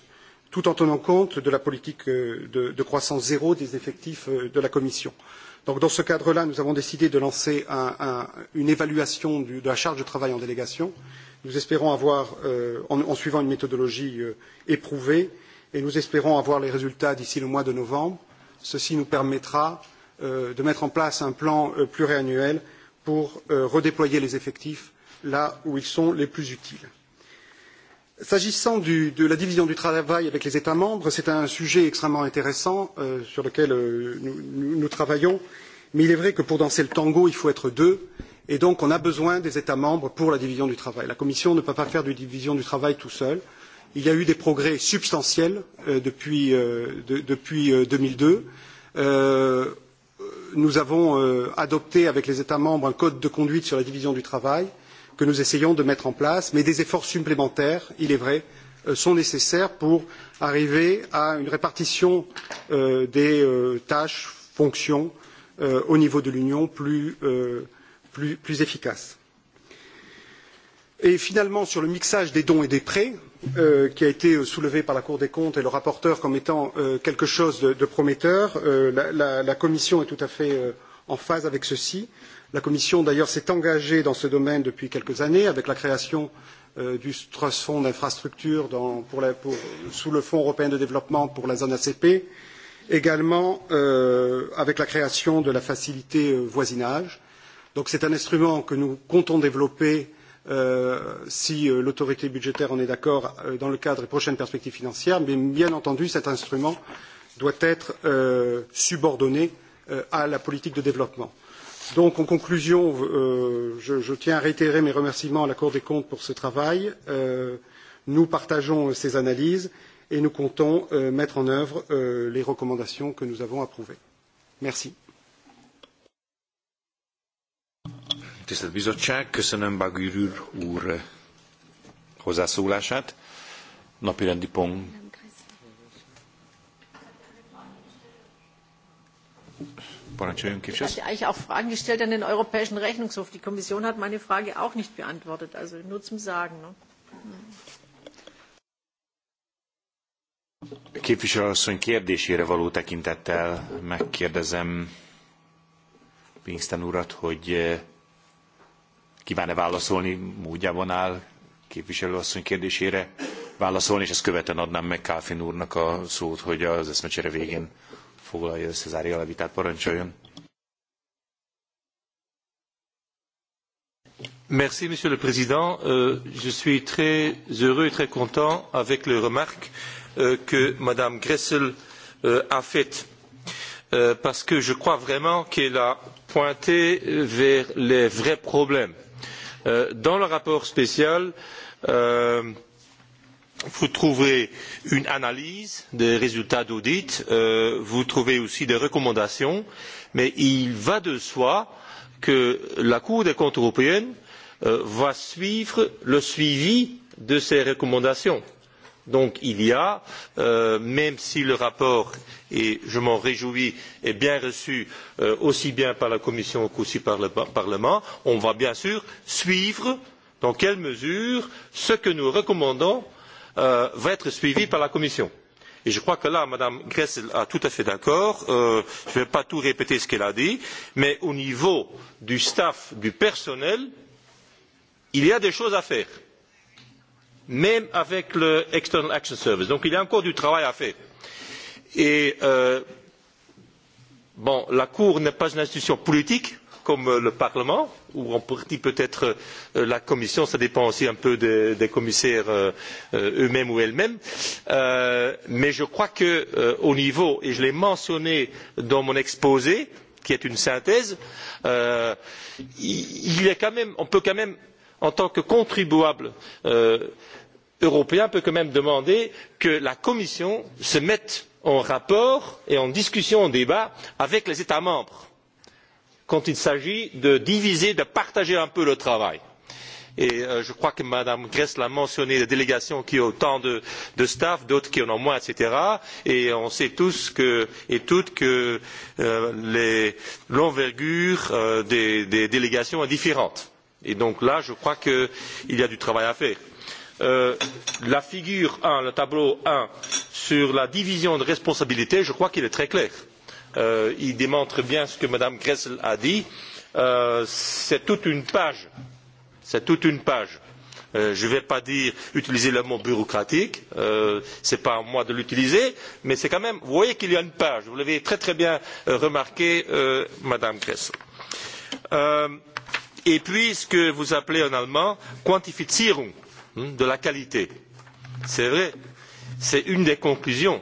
tout en tenant compte de la politique euh, de, de croissance zéro des effectifs euh, de la Commission. Donc, dans ce cadre-là, nous avons décidé de lancer un, un, une évaluation du, de la charge de travail en délégation. Nous espérons avoir, euh, en, en, suivant une méthodologie euh, éprouvée, et nous espérons avoir les résultats d'ici le mois de novembre. Ceci nous permettra euh, de mettre en place un plan euh, pluriannuel pour redéployer les effectifs là où ils sont les plus utiles. S'agissant de la division du travail avec les États membres, c'est un sujet extrêmement intéressant euh, sur lequel euh, nous, nous, nous, travaillons, mais il est vrai que pour danser le tango, il faut être deux, et donc on a besoin des États membres pour la division du travail. La Commission ne peut pas faire de division du travail tout seul. Il y a eu des progrès substantiels euh, depuis, euh, euh, deux mille deux. Euh, nous avons adopté avec les États membres un code de conduite sur la division du travail que nous essayons de mettre en place, mais des efforts supplémentaires, il est vrai, euh, sont nécessaires pour arriver à une répartition euh, des euh, tâches, fonctions au niveau de l'Union plus, plus, plus efficace. Et finalement, sur le mixage des dons et des prêts, euh, qui a été soulevé par la Cour des comptes et le rapporteur comme étant euh, quelque chose de, de prometteur, euh, la, la, la, Commission est tout à fait en phase avec ceci. Euh, La Commission, d'ailleurs, s'est engagée dans ce domaine depuis quelques années avec la création euh, du Trust Fonds d'infrastructure sous le Fonds européen de développement pour la zone ACP, également euh, avec la création de la facilité euh, voisinage. Donc c'est un instrument que nous comptons développer Euh, si euh, l'autorité budgétaire en est d'accord dans le cadre des prochaines perspectives financières, mais bien entendu, cet instrument doit être subordonné à la politique de développement. Donc, en conclusion, euh, je, je, tiens à réitérer mes remerciements à la Cour des comptes pour ce travail. Euh, nous partageons euh, ces analyses et nous comptons euh, mettre en œuvre euh, les recommandations que nous avons approuvées. Merci. Tisztelt Bizottság, köszönöm Bagűr úr hozzászólását. Napirendi pont eigentlich auch Fragen gestellt an den Europäischen Rechnungshof. Die Kommission hat meine Frage auch nicht beantwortet, also nur zum Sagen. Ne? Képviselőasszony kérdésére való tekintettel megkérdezem Pinkston urat, hogy eh, kíván-e válaszolni, módjában áll képviselőasszony kérdésére válaszolni, és ezt követően adnám meg Káfin úrnak a szót, hogy az eszmecsere végén foglalja össze, zárja a vitát, parancsoljon. Merci, Monsieur le Président. Euh, je suis très heureux et très content avec les remarques euh, que Madame Gressel euh, a faites, euh, parce que je crois vraiment qu'elle a pointé vers les vrais problèmes. Euh, dans le rapport spécial, euh, vous trouverez une analyse des résultats d'audit, euh, vous trouvez aussi des recommandations, mais il va de soi que la Cour des comptes européenne euh, va suivre le suivi de ces recommandations. Donc il y a, euh, même si le rapport, et je m'en réjouis, est bien reçu euh, aussi bien par la Commission qu'aussi par le Parlement, on va bien sûr suivre dans quelle mesure ce que nous recommandons Euh, va être suivi par la commission. je crois que là, Mme Gressel est tout à fait d'accord. Euh, je ne vais pas tout répéter ce qu'elle a dit, mais au niveau du staff, du personnel, il y a des choses à faire, même avec le External Action Service. Donc il y a encore du travail à faire. Et euh, bon, la Cour n'est pas une institution politique comme le Parlement ou en partie peut être euh, la commission cela dépend aussi un peu des, des commissaires euh, euh, eux mêmes ou elles mêmes mais je crois que, au niveau et je l'ai mentionné dans mon exposé qui est une synthèse il est quand même, on peut quand même en tant que contribuable européen peut quand même demander que la commission se mette en rapport et en discussion en débat avec les états membres quand il s'agit de diviser de partager un peu le travail et euh, je crois que mme grle a mentionné des délégations qui ont autant de, de staff d'autres qui en ont moins etc. et on sait tous que, et toutes que euh, l'envergure euh, des, des délégations est différente et donc là je crois qu'il y a du travail à faire. Euh, la figure un le tableau un sur la division de responsabilités je crois qu'il est très clair Euh, il démontre bien ce que mme grle a dit euh, c'est toute une page c'est toute une page euh, je ne vais pas utiliser le mot bureaucratique ce n'est pas à moi de l'utiliser mais c'est quand même vous voyez qu'il y a une page vous l'avez très très bien remarqué madame grle et puis ce que vous appelez en allemand quantifizierung de la qualité c'est vrai c'est une des conclusions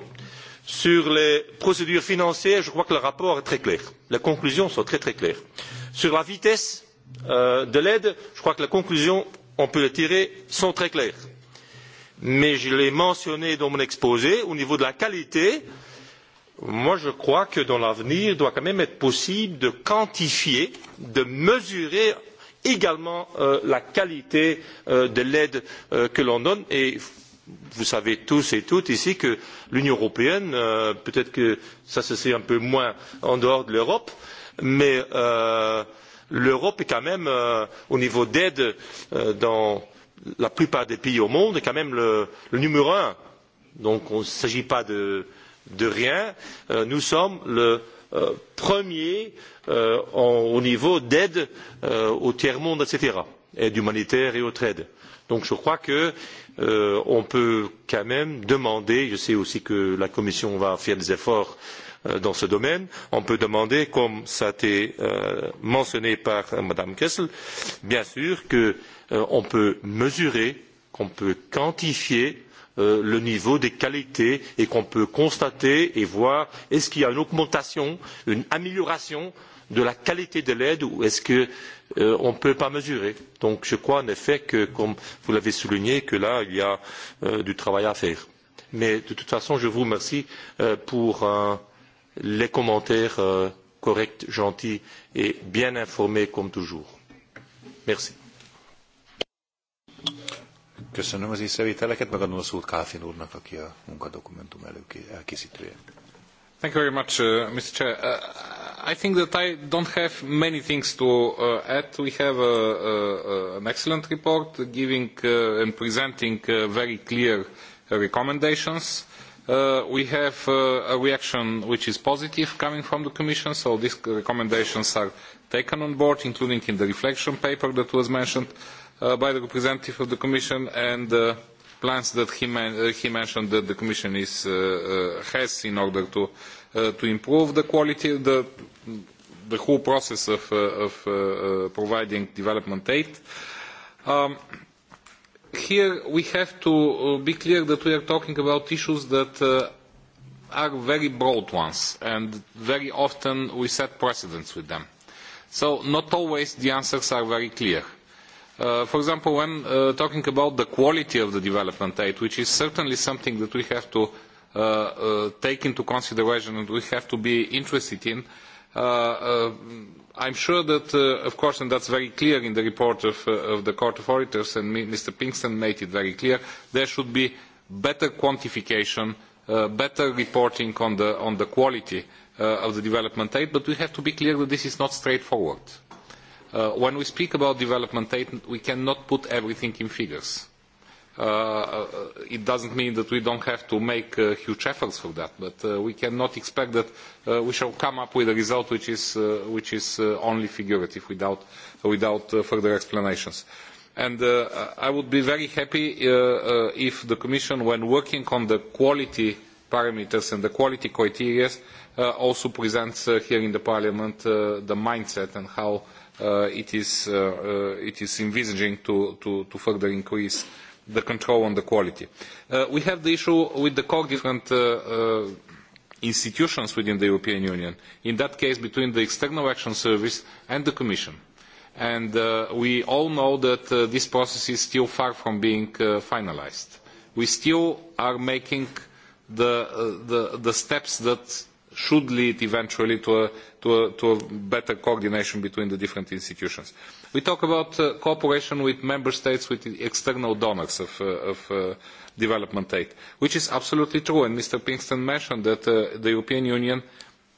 Sur les procédures financières, je crois que le rapport est très clair. Les conclusions sont très très claires. Sur la vitesse euh, de l'aide, je crois que les conclusions, on peut les tirer, sont très claires. Mais je l'ai mentionné dans mon exposé, au niveau de la qualité, moi je crois que dans l'avenir, il doit quand même être possible de quantifier, de mesurer également euh, la qualité euh, de l'aide euh, que l'on donne et vous savez tous et toutes ici que l'union européenne euh, peut être que cela se sait un peu moins en dehors de l'europe mais euh, l'europe est quand même euh, au niveau d'aide euh, dans la plupart des pays au monde quand même le, le numéro un donc il ne s'agit pas de, de rien euh, nous sommes le euh, premier en, au niveau d'aide au tiers monde etc aide humanitaire et autre aide. donc je crois que Euh, on peut quand même demander je sais aussi que la commission va faire des efforts euh, dans ce domaine on peut demander comme cela a été euh, mentionné par mme Kessel, bien sûr qu'on peut mesurer qu'on peut quantifier le niveau des qualités et qu'on peut constater et voir est ce qu'il y a une augmentation une amélioration de la qualité de l'aide ou est-ce qu'on euh, ne peut pas mesurer Donc je crois en effet que, comme vous l'avez souligné, que là, il y a euh, du travail à faire. Mais de toute façon, je vous remercie euh, pour euh, les commentaires euh, corrects, gentils et bien informés comme toujours. Merci. Köszönöm az észrevételeket, megadom a szót úrnak, aki a munkadokumentum elkészítője. Thank you very much, uh, Mr. Chair. Uh, i think that I don't have many things to uh, add. We have a, uh, a, uh, an excellent report giving uh, and presenting uh, very clear recommendations. Uh, we have a reaction which is positive coming from the Commission, so these recommendations are taken on board, including in the reflection paper that was mentioned by the representative of the Commission and uh, plans that he, he mentioned that the Commission is, has in order to to improve the quality of the, the whole process of, uh, of uh, uh, providing development aid. Um, here we have to be clear that we are talking about issues that are very broad ones and very often we set precedents with them. So not always the answers are very clear. Uh, for example, when uh, talking about the quality of the development aid, which is certainly something that we have to Uh, uh, take into consideration and we have to be interested in. Uh, uh I am sure that, uh, of course, and that is very clear in the report of, of the Court of Auditors, and Mr. Pinkston made it very clear, there should be better quantification, better reporting on the, on the quality of the development aid, but we have to be clear that this is not straightforward. when we speak about development aid, we cannot put everything in figures Uh, uh, it does not mean that we do not have to make uh, huge efforts for that, but we cannot expect that we shall come up with a result which is, which is only figurative without, without further explanations. And, I would be very happy if the Commission, when working on the quality parameters and the quality criteria uh, also presents uh, here in the parliament uh, the mindset and how it is, it is envisaging to, to, to further increase the control on the quality. Uh, we have the issue with the cognizant uh, uh, institutions within the European Union, in that case between the External Action Service and the Commission. And uh, we all know that uh, this process is still far from being uh, finalized. We still are making the, uh, the, the steps that should lead eventually to a, to, a, to a better coordination between the different institutions. Uh, We talk about uh, cooperation with member states, with the external donors of, uh, of uh, development aid, which is absolutely true. And Mr. Pinkston mentioned that uh, the European Union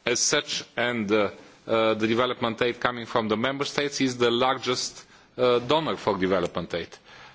as such and uh, uh, the development aid coming from the member states is the largest uh, donor for development aid.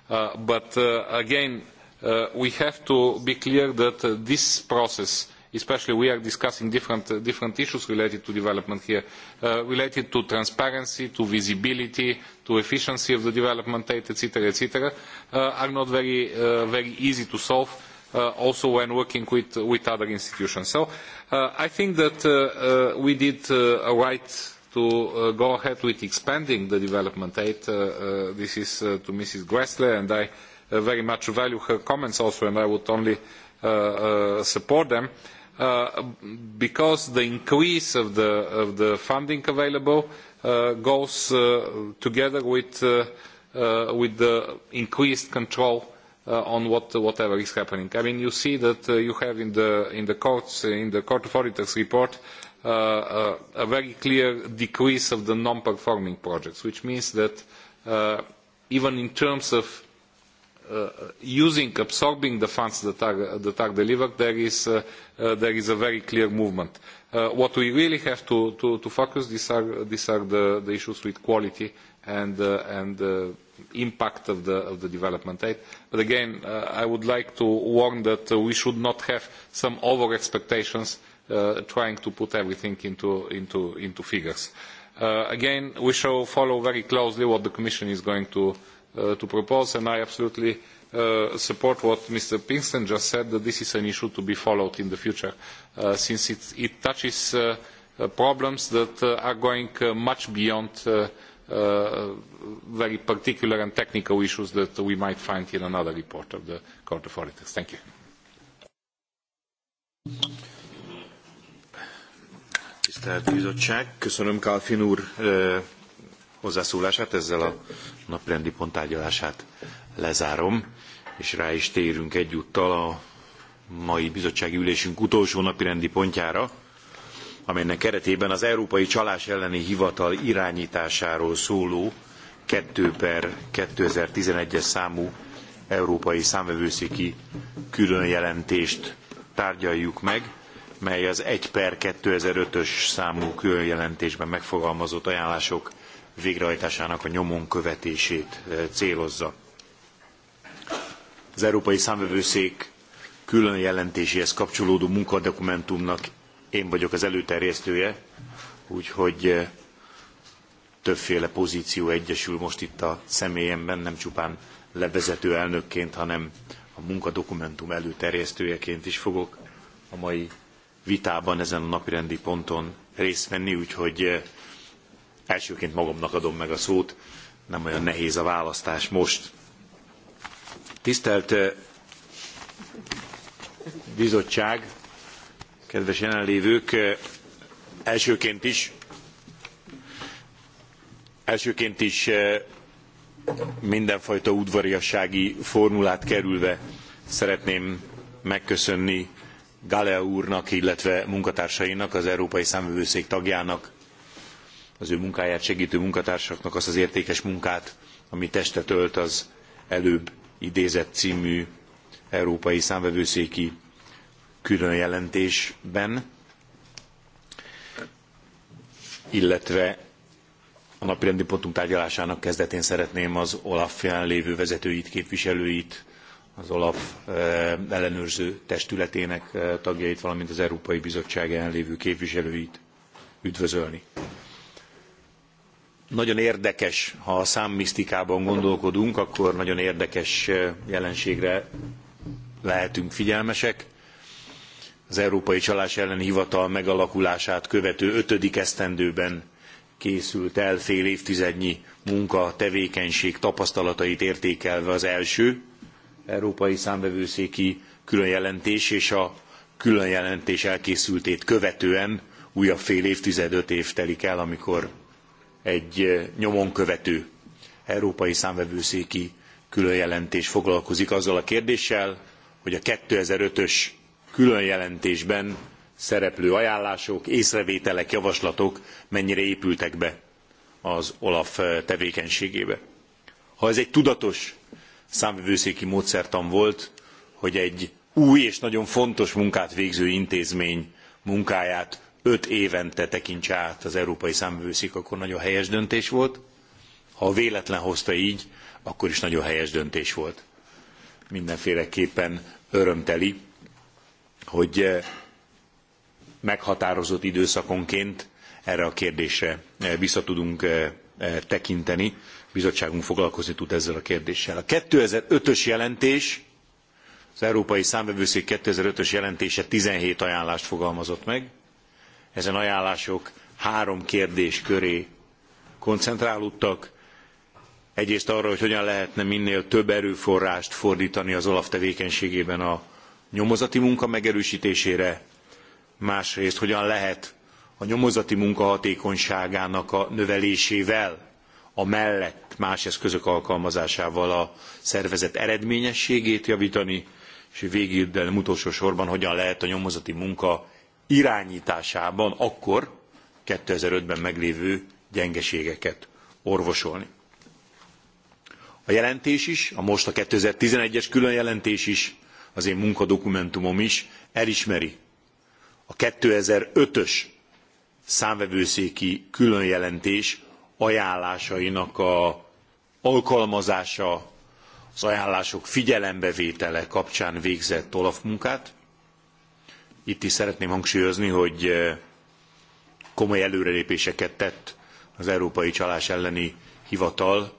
Uh, but uh, again, uh, we have to be clear that uh, this process especially we are discussing different, uh, different issues related to development here, uh, related to transparency, to visibility, to efficiency of the development aid, etc., etc., are not very, uh, very easy to solve. Uh, also when working with, with other institutions. So uh, I think that uh, uh, we did uh, a right to uh, go ahead with expanding the development aid. Uh, uh, this is uh, to Mrs. Gressler, and I uh, very much value her comments also, and I would only uh, uh, support them. Uh, Uh, because the increase of the, of the funding available uh, goes uh, together with, uh, uh, with, the increased control on what, whatever is happening. I mean, you see that you have in the, in the courts, in the Court of Auditors report, a very clear decrease of the non-performing projects, which means that even in terms of Uh, uh, using, absorbing the funds that are, that are delivered, there is, uh, there is, a very clear movement. what we really have to, to, to focus these are, these are the, the issues with quality and, and impact of the, of the development aid. But again, uh, I would like to warn that uh, we should not have some over-expectations uh, trying to put everything into, into, into figures. again, we shall follow very closely what the Commission is going to, Uh, to propose, and I absolutely uh, support what Mr. Pinkston just said, that this is an issue to be followed in the future, uh, since it, it touches problems that are going much beyond Uh, very particular and technical issues that we might find in another report of the Court of Auditors. Thank you. Tisztelt Bizottság, köszönöm úr hozzászólását, ezzel a naprendi pontárgyalását lezárom, és rá is térünk egyúttal a mai bizottsági ülésünk utolsó napirendi pontjára, amelynek keretében az Európai Csalás elleni Hivatal irányításáról szóló 2 per 2011-es számú európai számvevőszéki különjelentést tárgyaljuk meg, mely az 1 per 2005-ös számú különjelentésben megfogalmazott ajánlások végrehajtásának a nyomon követését eh, célozza. Az Európai Számvevőszék külön jelentéséhez kapcsolódó munkadokumentumnak én vagyok az előterjesztője, úgyhogy eh, többféle pozíció egyesül most itt a személyemben, nem csupán levezető elnökként, hanem a munkadokumentum előterjesztőjeként is fogok a mai vitában ezen a napirendi ponton részt venni, úgyhogy eh, Elsőként magamnak adom meg a szót, nem olyan nehéz a választás most. Tisztelt bizottság, kedves jelenlévők, elsőként is, elsőként is mindenfajta udvariassági formulát kerülve szeretném megköszönni Galea úrnak, illetve munkatársainak, az Európai Számvevőszék tagjának az ő munkáját segítő munkatársaknak azt az értékes munkát, ami testet ölt az előbb idézett című európai számvevőszéki külön jelentésben, illetve a napirendi pontunk tárgyalásának kezdetén szeretném az olaf jelenlévő vezetőit, képviselőit, az OLAF eh, ellenőrző testületének eh, tagjait, valamint az Európai Bizottság jelenlévő képviselőit üdvözölni. Nagyon érdekes, ha a számmisztikában gondolkodunk, akkor nagyon érdekes eh, jelenségre lehetünk figyelmesek. Az Európai Csalás ellen hivatal megalakulását követő ötödik esztendőben készült el fél évtizednyi munka, tevékenység tapasztalatait értékelve az első Európai Számvevőszéki különjelentés és a különjelentés elkészültét követően újabb fél évtized, öt év telik el, amikor egy nyomon követő európai számvevőszéki különjelentés foglalkozik azzal a kérdéssel, hogy a 2005-ös különjelentésben szereplő ajánlások, észrevételek, javaslatok mennyire épültek be az OLAF tevékenységébe. Ha ez egy tudatos számvevőszéki módszertan volt, hogy egy új és nagyon fontos munkát végző intézmény munkáját öt évente tekintse át az Európai Számvevőszék, akkor nagyon helyes döntés volt. Ha véletlen hozta így, akkor is nagyon helyes döntés volt. Mindenféleképpen örömteli, hogy eh, meghatározott időszakonként erre a kérdésre eh, vissza tudunk eh, tekinteni. Bizottságunk foglalkozni tud ezzel a kérdéssel. A 2005-ös jelentés, az Európai Számvevőszék 2005-ös jelentése 17 ajánlást fogalmazott meg ezen ajánlások három kérdés köré koncentrálódtak. Egyrészt arra, hogy hogyan lehetne minél több erőforrást fordítani az OLAF tevékenységében a nyomozati munka megerősítésére, másrészt hogyan lehet a nyomozati munka hatékonyságának a növelésével, a mellett más eszközök alkalmazásával a szervezet eredményességét javítani, és végül, de nem utolsó sorban, hogyan lehet a nyomozati munka irányításában akkor 2005-ben meglévő gyengeségeket orvosolni. A jelentés is, a most a 2011-es külön jelentés is, az én munkadokumentumom is elismeri a 2005-ös számvevőszéki különjelentés ajánlásainak a alkalmazása, az ajánlások figyelembevétele kapcsán végzett Olaf munkát, Itt is szeretném hangsúlyozni, hogy eh, komoly előrelépéseket tett az Európai Csalás elleni hivatal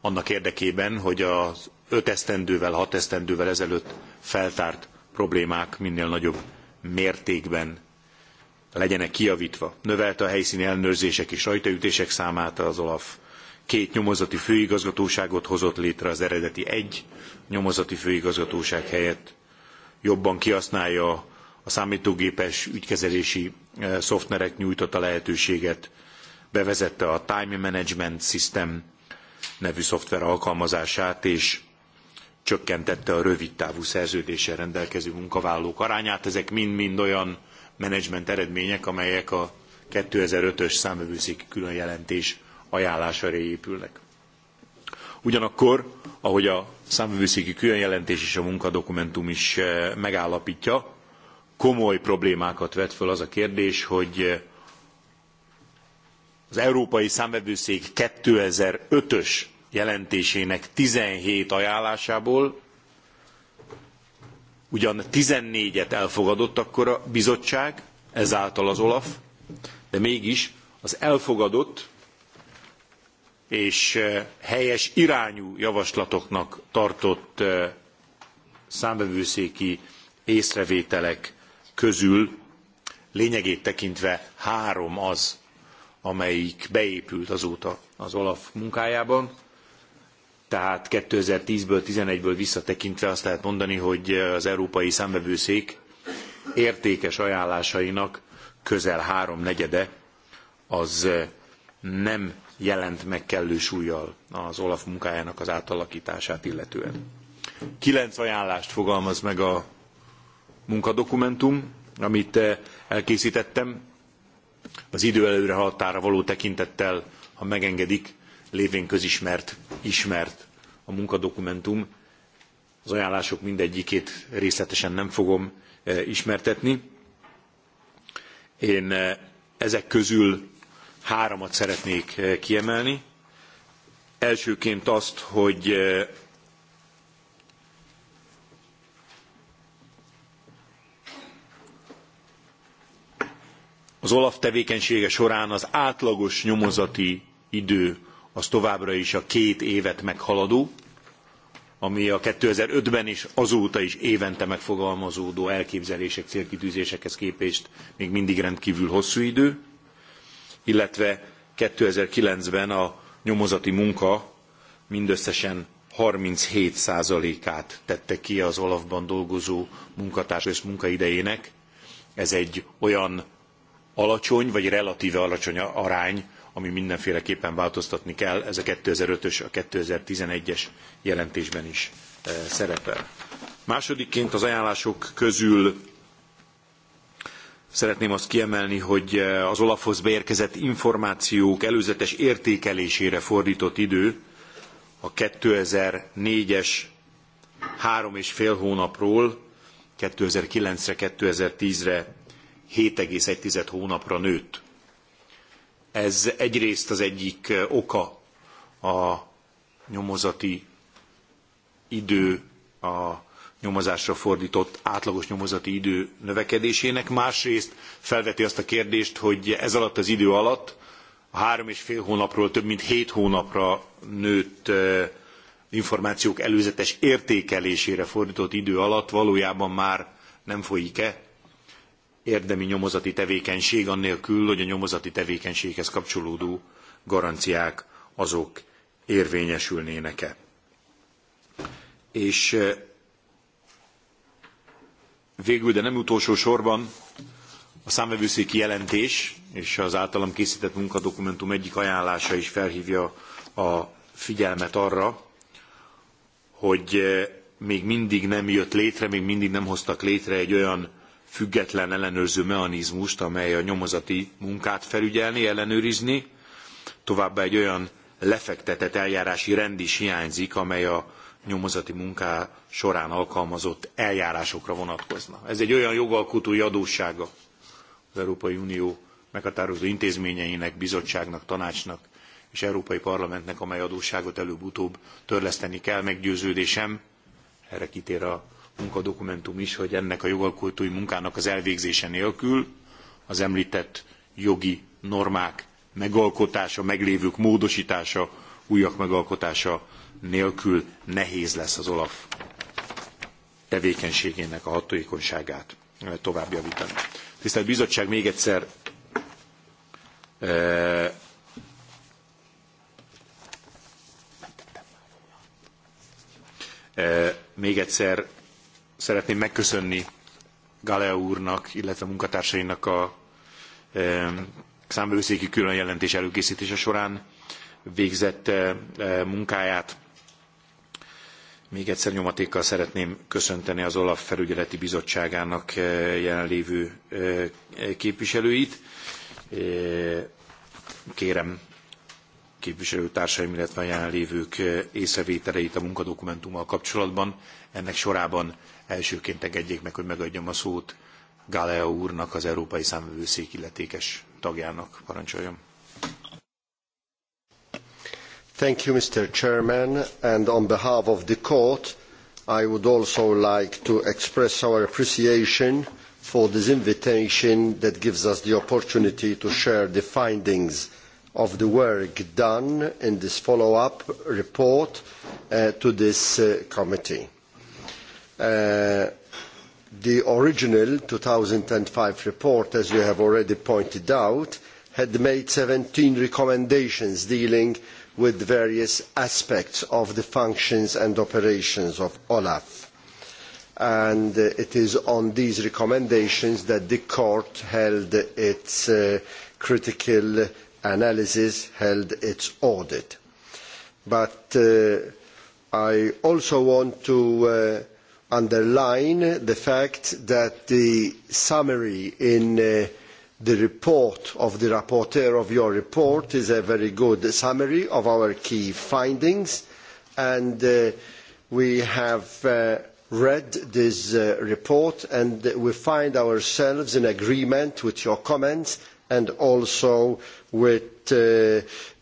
annak érdekében, hogy az öt esztendővel, hat esztendővel ezelőtt feltárt problémák minél nagyobb mértékben legyenek kijavítva. Növelte a helyszíni ellenőrzések és rajtaütések számát az OLAF. Két nyomozati főigazgatóságot hozott létre az eredeti egy nyomozati főigazgatóság helyett. Jobban kihasználja a számítógépes ügykezelési e, szoftverek nyújtotta lehetőséget, bevezette a Time Management System nevű szoftver alkalmazását, és csökkentette a rövid távú szerződéssel rendelkező munkavállalók arányát. Ezek mind-mind olyan menedzsment eredmények, amelyek a 2005-ös számövőszéki külön jelentés ajánlására épülnek. Ugyanakkor, ahogy a számövőszéki külön jelentés és a munkadokumentum is e, megállapítja, komoly problémákat vet föl az a kérdés, hogy eh, az Európai Számvevőszék 2005-ös jelentésének 17 ajánlásából ugyan 14-et elfogadott akkor a bizottság, ezáltal az OLAF, de mégis az elfogadott és eh, helyes irányú javaslatoknak tartott eh, számvevőszéki észrevételek közül lényegét tekintve három az, amelyik beépült azóta az Olaf munkájában. Tehát 2010-ből, 11-ből visszatekintve azt lehet mondani, hogy az Európai Számvevőszék értékes ajánlásainak közel háromnegyede az nem jelent meg kellő súlyjal az Olaf munkájának az átalakítását illetően. Kilenc ajánlást fogalmaz meg a munkadokumentum, amit elkészítettem, az idő előre határa való tekintettel, ha megengedik, lévén közismert, ismert a munkadokumentum. Az ajánlások mindegyikét részletesen nem fogom e, ismertetni. Én e, ezek közül háromat szeretnék e, kiemelni. Elsőként azt, hogy Az OLAF tevékenysége során az átlagos nyomozati idő az továbbra is a két évet meghaladó, ami a 2005-ben és azóta is évente megfogalmazódó elképzelések, célkitűzésekhez képest még mindig rendkívül hosszú idő, illetve 2009-ben a nyomozati munka mindösszesen 37%-át tette ki az Olafban dolgozó munkatárs munkaidejének. Ez egy olyan alacsony, vagy relatíve alacsony arány, ami mindenféleképpen változtatni kell. Ez a 2005-ös, a 2011-es jelentésben is e, szerepel. Másodikként az ajánlások közül szeretném azt kiemelni, hogy e, az Olafhoz beérkezett információk előzetes értékelésére fordított idő a 2004-es három és fél hónapról 2009-re, 2010-re 7,1 hónapra nőtt. Ez egyrészt az egyik eh, oka a nyomozati idő, a nyomozásra fordított átlagos nyomozati idő növekedésének, másrészt felveti azt a kérdést, hogy ez alatt az idő alatt a három és fél hónapról több mint hét hónapra nőtt eh, információk előzetes értékelésére fordított idő alatt valójában már nem folyik-e érdemi nyomozati tevékenység, annélkül, hogy a nyomozati tevékenységhez kapcsolódó garanciák azok érvényesülnének-e. És eh, végül, de nem utolsó sorban a számvevőszéki jelentés és az általam készített munkadokumentum egyik ajánlása is felhívja a figyelmet arra, hogy eh, még mindig nem jött létre, még mindig nem hoztak létre egy olyan független ellenőrző mechanizmust, amely a nyomozati munkát felügyelni, ellenőrizni. Továbbá egy olyan lefektetett eljárási rend is hiányzik, amely a nyomozati munká során alkalmazott eljárásokra vonatkozna. Ez egy olyan jogalkotói adóssága az Európai Unió meghatározó intézményeinek, bizottságnak, tanácsnak és Európai Parlamentnek, amely adósságot előbb-utóbb törleszteni kell, meggyőződésem, erre kitér a munkadokumentum is, hogy ennek a jogalkotói munkának az elvégzése nélkül az említett jogi normák megalkotása, meglévők módosítása, újak megalkotása nélkül nehéz lesz az OLAF tevékenységének a hatékonyságát eh, tovább javítani. Tisztelt Bizottság, még egyszer e Még egyszer Szeretném megköszönni Galea úrnak, illetve munkatársainak a számbevőszéki külön jelentés előkészítése során végzett eh, eh, munkáját. Még egyszer nyomatékkal szeretném köszönteni az OLAF felügyeleti bizottságának eh, jelenlévő képviselőit. Kérem képviselőtársaim, illetve a jelenlévők észrevételeit a munkadokumentummal kapcsolatban. Ennek sorában Elsőként engedjék meg, hogy megadjam a szót Galea úrnak, az Európai Számvevőszék illetékes tagjának. Parancsoljon! Thank you, Mr. Chairman, and on behalf of the court, I would also like to express our appreciation for this invitation that gives us the opportunity to share the findings of the work done in this follow-up report uh, to this uh, committee. Uh, the original two thousand and five report, as you have already pointed out, had made seventeen recommendations dealing with various aspects of the functions and operations of olaf and uh, it is on these recommendations that the court held its uh, critical analysis held its audit but i also want to underline the fact that the summary in uh, the report of the rapporteur of your report is a very good summary of our key findings and uh, we have uh, read this report and we find ourselves in agreement with your comments and also with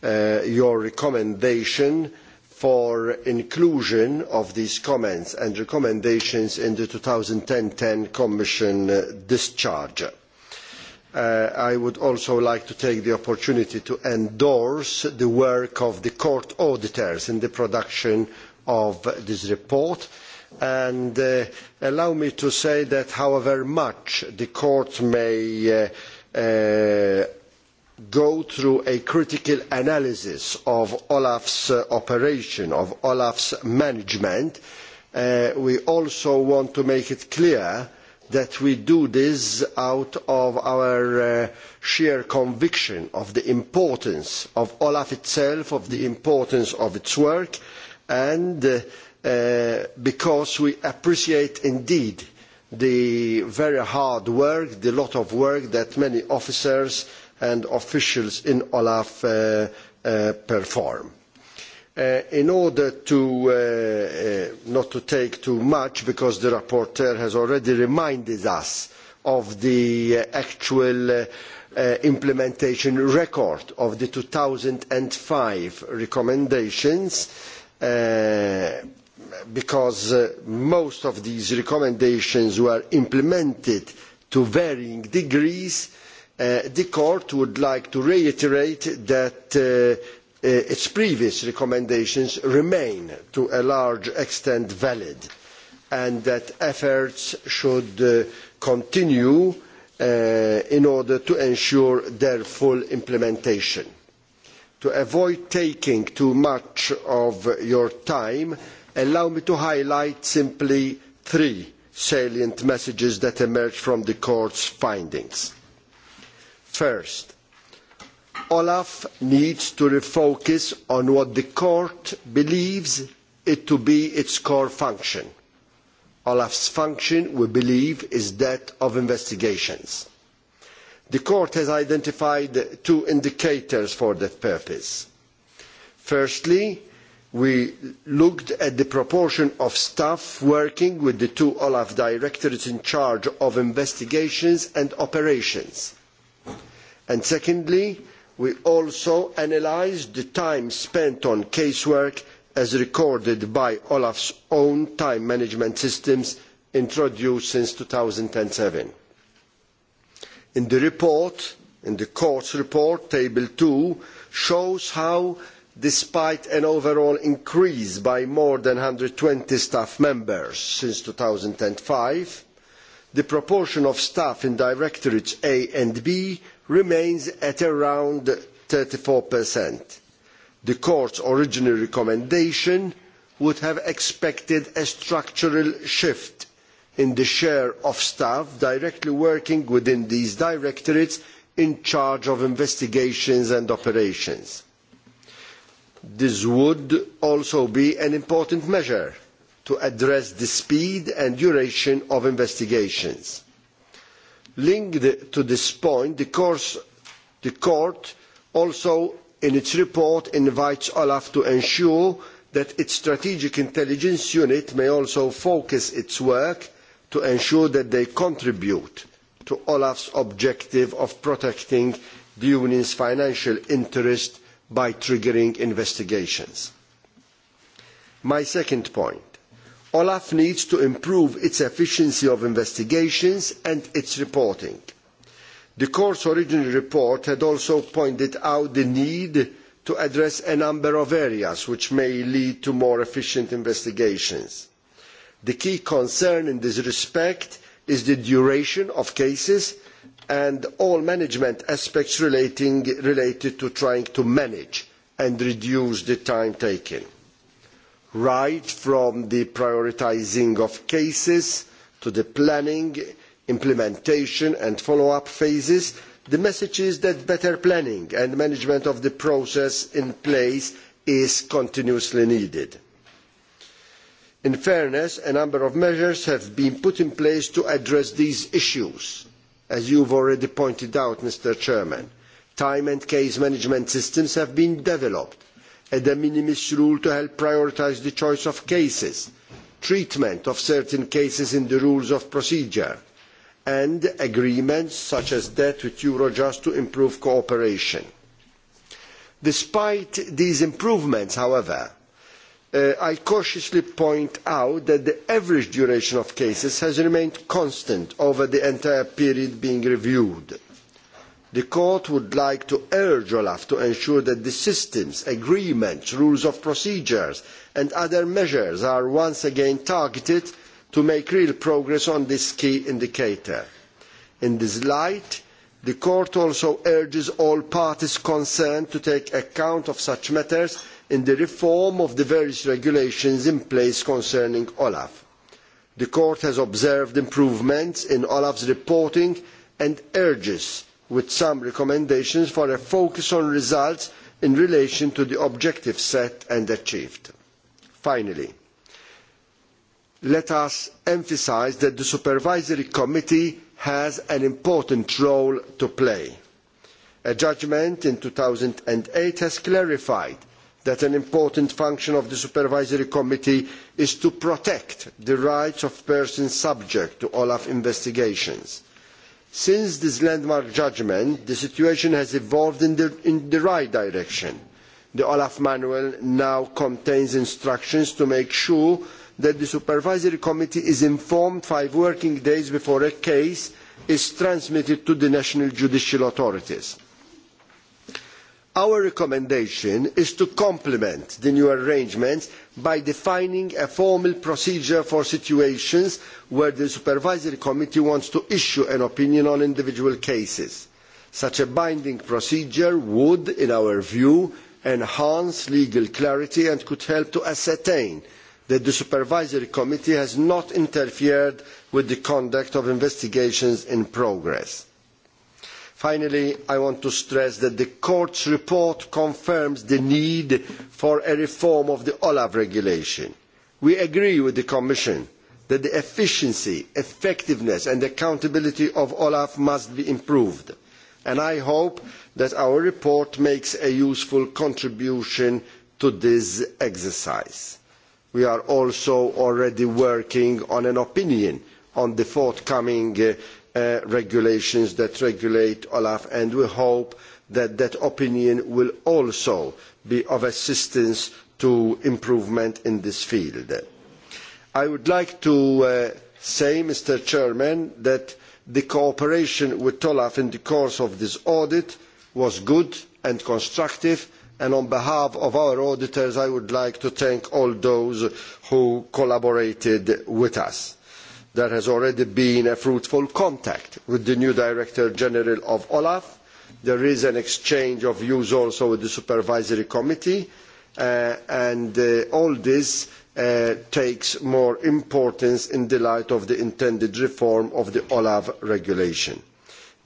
your recommendation for inclusion of these comments and recommendations in the and ten ten Commission discharge. Uh, I would also like to take the opportunity to endorse the work of the court auditors in the production of this report and uh, allow me to say that however much the court may uh, go through a critical analysis of olaf's uh, operation of olaf's management uh, we also want to make it clear that we do this out of our uh, sheer conviction of the importance of olaf itself of the importance of its work and because we appreciate indeed the very hard work the lot of work that many officers and and officials in Olaf uh, uh, perform. Uh, in order to, not to take too much, because the rapporteur has already reminded us of the actual Uh, implementation record of the two thousand and five recommendations uh, because uh, most of these recommendations were implemented to varying degrees Uh, the court would like to reiterate that uh, uh, its previous recommendations remain to a large extent valid and that efforts should continue in order to ensure their full implementation. to avoid taking too much of your time allow me to highlight simply three salient messages that emerge from the court's findings first olaf needs to refocus on what the court believes to be its core function olaf's function we believe is that of investigations the court has identified two indicators for that purpose firstly we looked at the proportion of staff working with the two olaf directorates in charge of investigations and operations and secondly we also analysed the time spent on casework as recorded by olaf's own time management systems introduced since. two thousand and seven in the report in the court's report table two shows how despite an overall increase by more than one hundred and twenty staff members since two thousand and five the proportion of staff in directorates a and b remains at around thirty 34%. The court's original recommendation would have expected a structural shift in the share of staff directly working within these directorates in charge of investigations and operations. This would also be an important measure to address the speed and duration of investigations linked to this point the, court also in its report invites olaf to ensure that its strategic intelligence unit may also focus its work to ensure that they contribute to olaf's objective of protecting the union's financial interest by triggering investigations. my second point olaf needs to improve its efficiency of investigations and its reporting. the court's original report had also pointed out the need to address a number of areas which may lead to more efficient investigations. the key concern in this respect is the duration of cases and all management aspects relating, related to trying to manage and reduce the time taken right from the prioritising of cases to the planning implementation and follow up phases the message is that better planning and management of the process in place is continuously needed. in fairness a number of measures have been put in place to address these issues as you have already pointed out mr President, time and case management systems have been developed a de minimis rule to help prioritise the choice of cases, treatment of certain cases in the rules of procedure, and agreements such as that with Eurojust to improve cooperation. Despite these improvements, however, uh, I cautiously point out that the average duration of cases has remained constant over the entire period being reviewed the court would like to urge olaf to ensure that the systems agreements rules of procedure and other measures are once again targeted to make real progress on this key indicator. in this light the court also urges all parties concerned to take account of such matters in the reform of the various regulations in place concerning olaf. the court has observed improvements in olaf's reporting and urges with some recommendations for a focus on results in relation to the objectives set and achieved. finally let us emphasise that the supervisory committee has an important role to play. a judgment in two thousand and eight has clarified that an important function of the supervisory committee is to protect the rights of persons subject to olaf investigations since this landmark judgment the situation has evolved in the, right direction. the olaf manual now contains instructions to make sure that the supervisory committee is informed five working days before a case is transmitted to the national judicial authorities our recommendation is to complement the new arrangements by defining a formal procedure for situations where the supervisory committee wants to issue an opinion on individual cases. such a binding procedure would in our view enhance legal clarity and could help to ascertain that the supervisory committee has not interfered with the conduct of investigations in progress finally i want to stress that the court's report confirms the need for a reform of the olaf regulation. we agree with the commission that the efficiency effectiveness and accountability of olaf must be improved and i hope that our report makes a useful contribution to this exercise. we are also already working on an opinion on the forthcoming uh, Uh, regulations that regulate olaf and we hope that that opinion will also be of assistance to improvement in this field. i would like to uh, say Mr. Chairman, that the cooperation with olaf in the course of this audit was good and constructive and on behalf of our auditors i would like to thank all those who collaborated with us there has already been a fruitful contact with the new director general of olaf there is an exchange of views also with the supervisory committee uh, and uh, all this uh, takes more importance in the light of the intended reform of the olaf regulation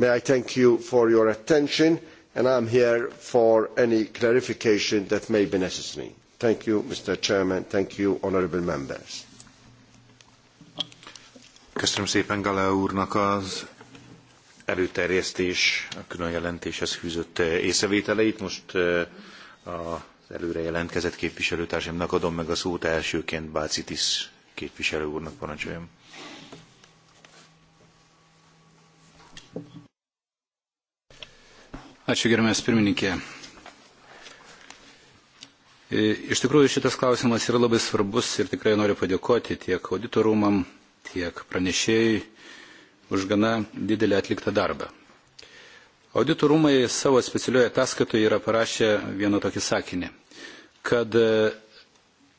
may i thank you for your attention and i am here for any clarification that may be necessary thank you mr chairman thank you honourable members Köszönöm szépen Galea úrnak az előterjesztés, a külön jelentéshez fűzött eh, észrevételeit. Most eh, az előre jelentkezett képviselőtársamnak adom meg a szót elsőként Bácitis képviselő úrnak parancsoljon. Ačiū pirmininkė. E, iš tikrųjų šitas klausimas yra labai svarbus ir tikrai noriu padėkoti tiek auditorumam, tiek pranešėjai už gana didelį atliktą darbą. Auditų rūmai savo specialioje ataskaitoje yra parašę vieną tokį sakinį, kad e,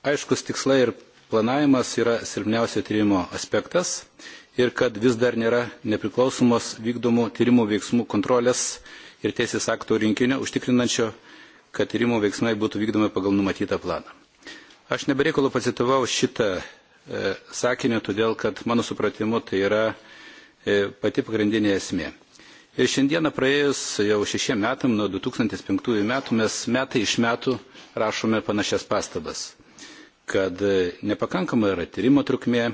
aiškus tikslai ir planavimas yra silpniausio tyrimo aspektas ir kad vis dar nėra nepriklausomos vykdomų tyrimų veiksmų kontrolės ir teisės aktų rinkinio užtikrinančio, kad tyrimų veiksmai būtų vykdomi pagal numatytą planą. Aš nebereikalu pacitavau šitą sakinio, todėl kad mano supratimu tai yra e, pati pagrindinė esmė. Ir šiandieną praėjus jau šešiem metam, nuo 2005 metų, mes metai iš metų rašome panašias pastabas, kad e, nepakankama yra tyrimo trukmė,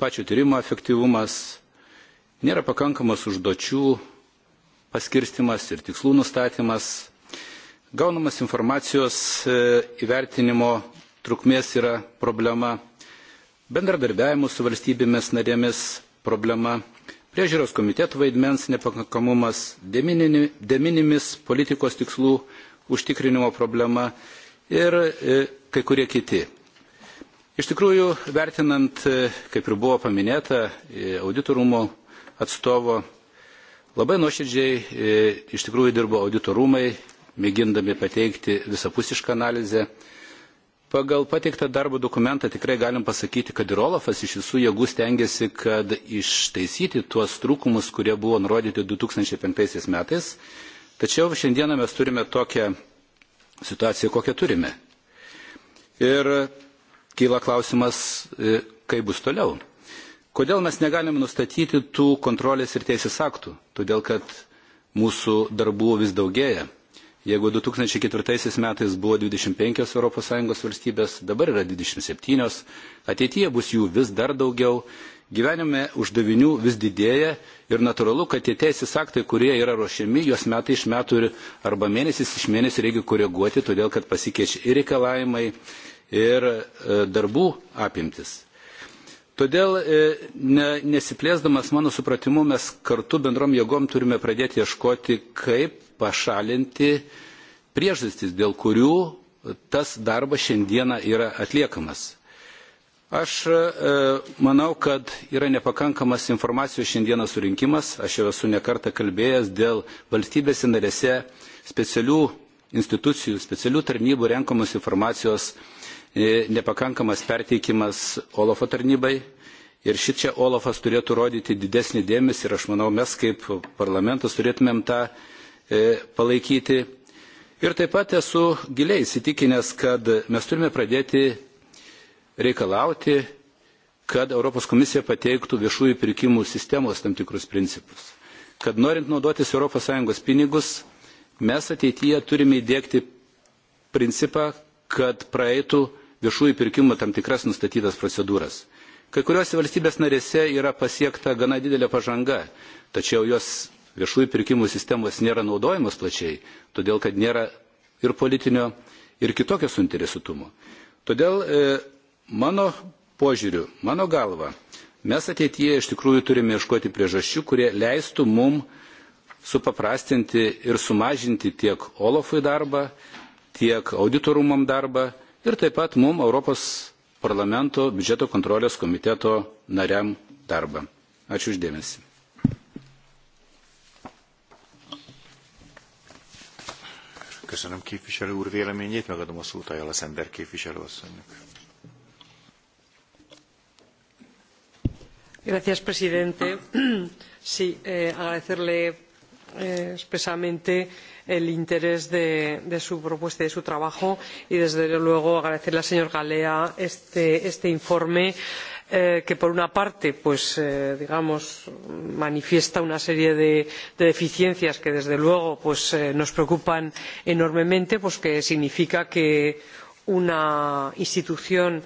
pačio tyrimo efektyvumas, nėra pakankamas užduočių paskirstimas ir tikslų nustatymas, gaunamas informacijos e, įvertinimo trukmės yra problema bendradarbiavimo su valstybėmis narėmis problema, priežiūros komitetų vaidmens nepakankamumas, deminimis politikos tikslų užtikrinimo problema ir e, kai kurie kiti. Iš tikrųjų, vertinant, e, kaip ir buvo paminėta, e, auditorumo atstovo, labai nuoširdžiai iš tikrųjų dirbo auditorumai, mėgindami pateikti visapusišką analizę Pagal pateiktą darbo dokumentą tikrai galim pasakyti, kad ir Olafas iš visų jėgų stengiasi, kad ištaisyti tuos trūkumus, kurie buvo nurodyti 2005 metais. Tačiau šiandieną mes turime tokią situaciją, kokią turime. Ir kyla klausimas, e, kaip bus toliau. Kodėl mes negalime nustatyti tų kontrolės ir teisės aktų? Todėl, kad mūsų darbų vis daugėja. Jeigu 2004 metais buvo 25 ES valstybės, dabar yra 27, ateityje bus jų vis dar daugiau, gyvenime uždavinių vis didėja ir natūralu, kad tie teisės aktai, kurie yra ruošiami, juos metai iš metų ir arba mėnesis iš mėnesio reikia koreguoti, todėl kad pasikeičia ir reikalavimai, ir e, darbų apimtis. Todėl e, nesiplėsdamas mano supratimu, mes kartu bendrom jėgom turime pradėti ieškoti, kaip pašalinti priežastis, dėl kurių tas darbas šiandieną yra atliekamas. Aš e, manau, kad yra nepakankamas informacijos šiandieną surinkimas. Aš jau esu nekartą kalbėjęs dėl valstybėse narėse specialių institucijų, specialių tarnybų renkamos informacijos E, nepakankamas perteikimas Olafo tarnybai. Ir šičia Olafas turėtų rodyti didesnį dėmesį ir aš manau, mes kaip parlamentas turėtumėm tą e, palaikyti. Ir taip pat esu giliai įsitikinęs, kad mes turime pradėti reikalauti, kad Europos komisija pateiktų viešųjų pirkimų sistemos tam tikrus principus. Kad norint naudotis ES pinigus, mes ateityje turime įdėkti principą, kad praeitų viešųjų pirkimų tam tikras nustatytas procedūras. Kai kuriuose valstybės narėse yra pasiekta gana didelė pažanga, tačiau jos viešųjų pirkimų sistemos nėra naudojamos plačiai, todėl kad nėra ir politinio, ir kitokio suinteresuotumo. Todėl e, mano požiūriu, mano galva, mes ateityje iš tikrųjų turime ieškoti priežasčių, kurie leistų mum supaprastinti ir sumažinti tiek Olofui darbą, tiek auditorumam darbą, ir taip pat mum Europos parlamento biudžeto kontrolės komiteto nariam darbą. Ačiū uždėmesi. Köszönöm képviselő úr véleményét, megadom a szót a Szender képviselőasszonynak. Gracias, presidente. Sí, eh, agradecerle expresamente el interés de, su propuesta y de su trabajo y desde luego agradecerle al señor gallagher este, informe eh, que por una parte eh, manifiesta una serie de, deficiencias que desde luego eh, nos preocupan enormemente pues que significa que una institución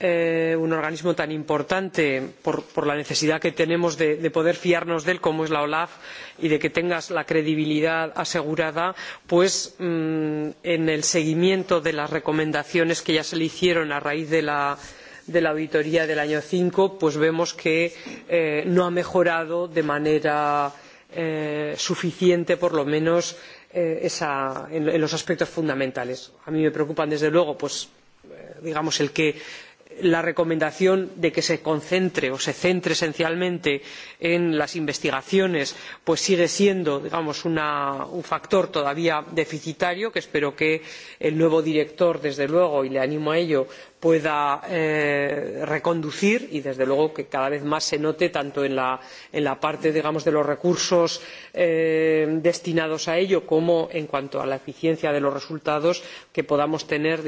Eh, un organismo tan importante por, la necesidad que tenemos de, poder fiarnos de él como es la olaf y de que tenga la credibilidad asegurada pues mm, en el seguimiento de las recomendaciones que ya se le hicieron a raíz de la auditoría del año dos mil cinco pues vemos que eh, no ha mejorado de manera eh, suficiente por lo menos en, en los aspectos fundamentales. a mí me preocupan desde luego pues, digamos el que la recomendación de que se concentre o se centre esencialmente en las investigaciones pues sigue siendo digamos un factor todavía deficitario que espero que el nuevo director desde luego y le animo a ello pueda eh, reconducir y desde luego que cada vez más se note tanto en la, parte de los recursos eh, destinados a ello como en cuanto a la eficiencia de los resultados que podamos tener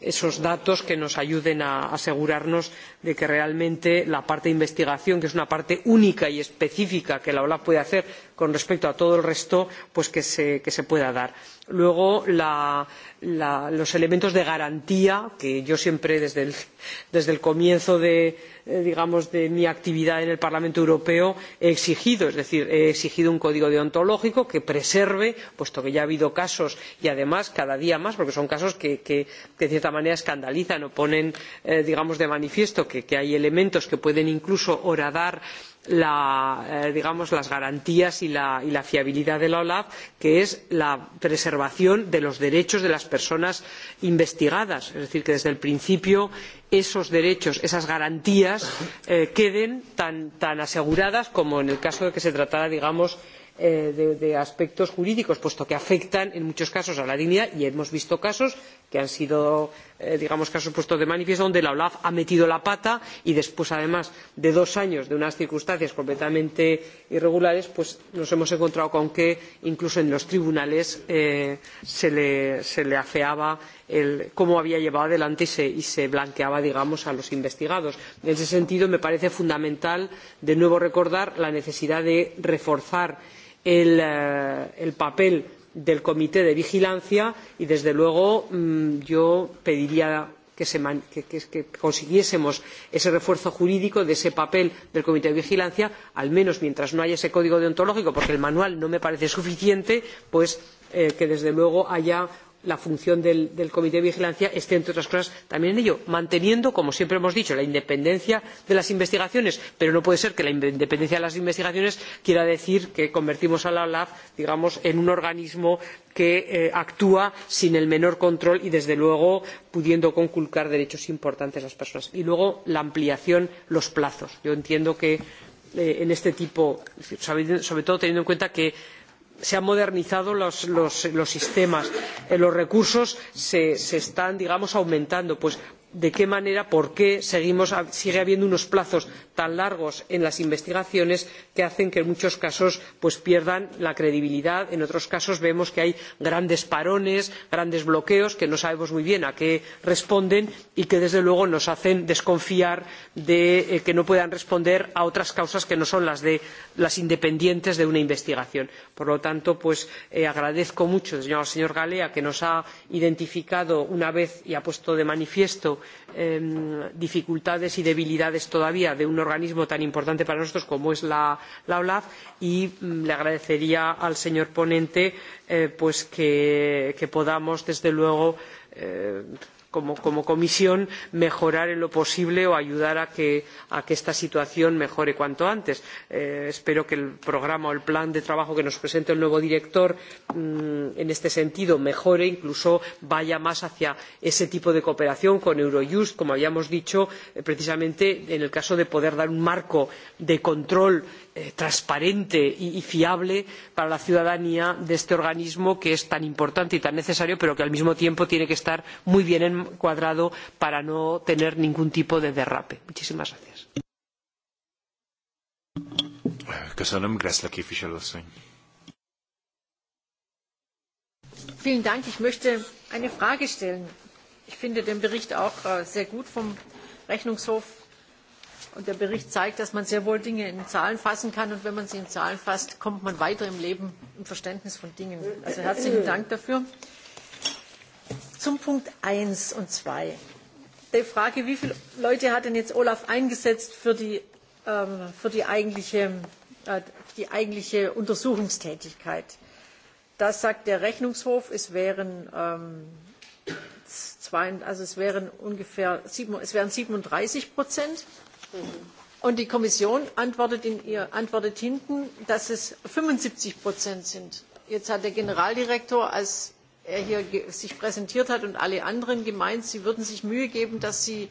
esos datos que nos ayuden a asegurarnos de que realmente la parte de investigación que es una parte única y específica que la olaf puede hacer con respecto a todo el resto pues se, se pueda dar. luego la, los elementos de garantía que yo siempre desde el, comienzo eh, de, mi actividad en el parlamento europeo he exigido es decir he exigido un código deontológico que preserve puesto que ya ha habido casos y además cada día más porque son casos que, en de cierta manera escandalizan o ponen eh, de manifiesto que, que hay elementos que pueden incluso horadar la, eh, las garantías y la, y la fiabilidad de la olaf que es la preservación de los derechos de las personas investigadas es decir que desde el principio esos derechos esas garantías eh, queden tan, tan aseguradas como en el caso de que se tratara digamos eh, de, de aspectos jurídicos puesto que afectan en muchos casos a la dignidad y hemos visto casos que han sido Eh, digamos que ha puesto de manifiesto donde la olaf ha metido la pata y después además de dos años de unas circunstancias completamente irregulares pues nos hemos encontrado con que incluso en los tribunales eh, se, le, afeaba cómo había llevado adelante y se, y se blanqueaba digamos a los investigados. en ese sentido me parece fundamental de nuevo recordar la necesidad de reforzar el, eh, el papel del comité de vigilancia y desde luego mm, yo pediría que, consiguiésemos ese refuerzo jurídico de ese papel del comité de vigilancia al menos mientras no haya ese código deontológico porque el manual no me parece suficiente pues eh, que desde luego haya la función del, comité de vigilancia esté entre otras cosas también en ello manteniendo como siempre hemos dicho la independencia de las investigaciones pero no puede ser que la independencia de las investigaciones quiera decir que convertimos a la olaf digamos en un organismo que eh, actúa sin el menor control y desde luego pudiendo conculcar derechos importantes a las personas. y luego la ampliación los plazos yo entiendo que eh, en este tipo sobre todo teniendo en cuenta que se han modernizado los, sistemas y eh, sistemas los recursos se, están aumentando pues de qué manera por qué sigue habiendo unos plazos tan largos en las investigaciones que hacen que en muchos casos pierdan la credibilidad en otros casos vemos que hay grandes parones grandes bloqueos que no sabemos muy bien a qué responden y que desde luego nos hacen desconfiar de eh, que no puedan responder a otras causas que no son las, independientes de una investigación. por lo tanto eh, agradezco mucho al señor gallagher que nos haya identificado una vez y ha puesto de manifiesto dificultades y debilidades todavía de organismo tan importante para nosotros como es la, olaf y mm, le agradecería al señor ponente eh, que, podamos desde luego eh, como, comisión mejorar en lo posible o ayudar a que, esta situación mejore cuanto antes. Eh, espero que el programa o el plan de trabajo que nos presente el nuevo director mm, en este sentido mejore incluso vaya más hacia ese tipo de cooperación con eurojust como habíamos dicho eh, precisamente en el caso de poder dar un marco de control Eh, transparente y fiable para la ciudadanía de este organismo que es tan importante y tan necesario pero que al mismo tiempo tiene que estar muy bien encuadrado para no tener ningún tipo de derrape. muchísimas gracias. Vielen Dank. Ich möchte eine Frage stellen. Ich finde den Bericht auch äh, sehr gut vom Rechnungshof Und der Bericht zeigt, dass man sehr wohl Dinge in Zahlen fassen kann. Und wenn man sie in Zahlen fasst, kommt man weiter im Leben im Verständnis von Dingen. Also herzlichen Dank dafür. Zum Punkt eins und zwei Die Frage, wie viele Leute hat denn jetzt Olaf eingesetzt für die, ähm, für die, eigentliche, äh, die eigentliche Untersuchungstätigkeit? Das sagt der Rechnungshof, es wären, ähm, zwei, also es wären ungefähr sieben, es wären 37 Prozent. Mhm. Und die Kommission antwortet, in ihrer antwort hinten, dass es fünfundsiebzig Prozent sind. Jetzt hat der Generaldirektor, als er sich hier sich präsentiert hat und alle anderen gemeint, sie würden sich Mühe geben, dass sie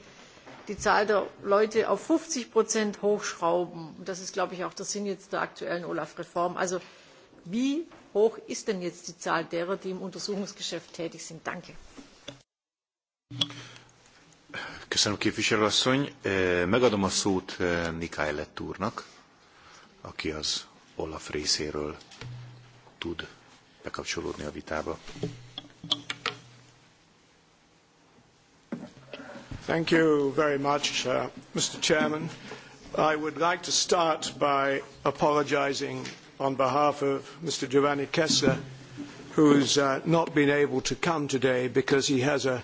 die Zahl der Leute auf fünfzig Prozent hochschrauben. Und das ist, glaube ich, auch der Sinn der aktuellen Olaf-Reform. Also wie hoch ist denn jetzt die Zahl derer, die im Untersuchungsgeschäft tätig sind? Danke. Köszönöm Megadom a szót Nikájlett úrnak, aki az Olaf részéről tud bekapcsolódni a vitába. Thank you very much, uh, Mr. Chairman. I would like to start by apologizing on behalf of Mr. Giovanni Kessler, who's uh, not been able to come today because he has a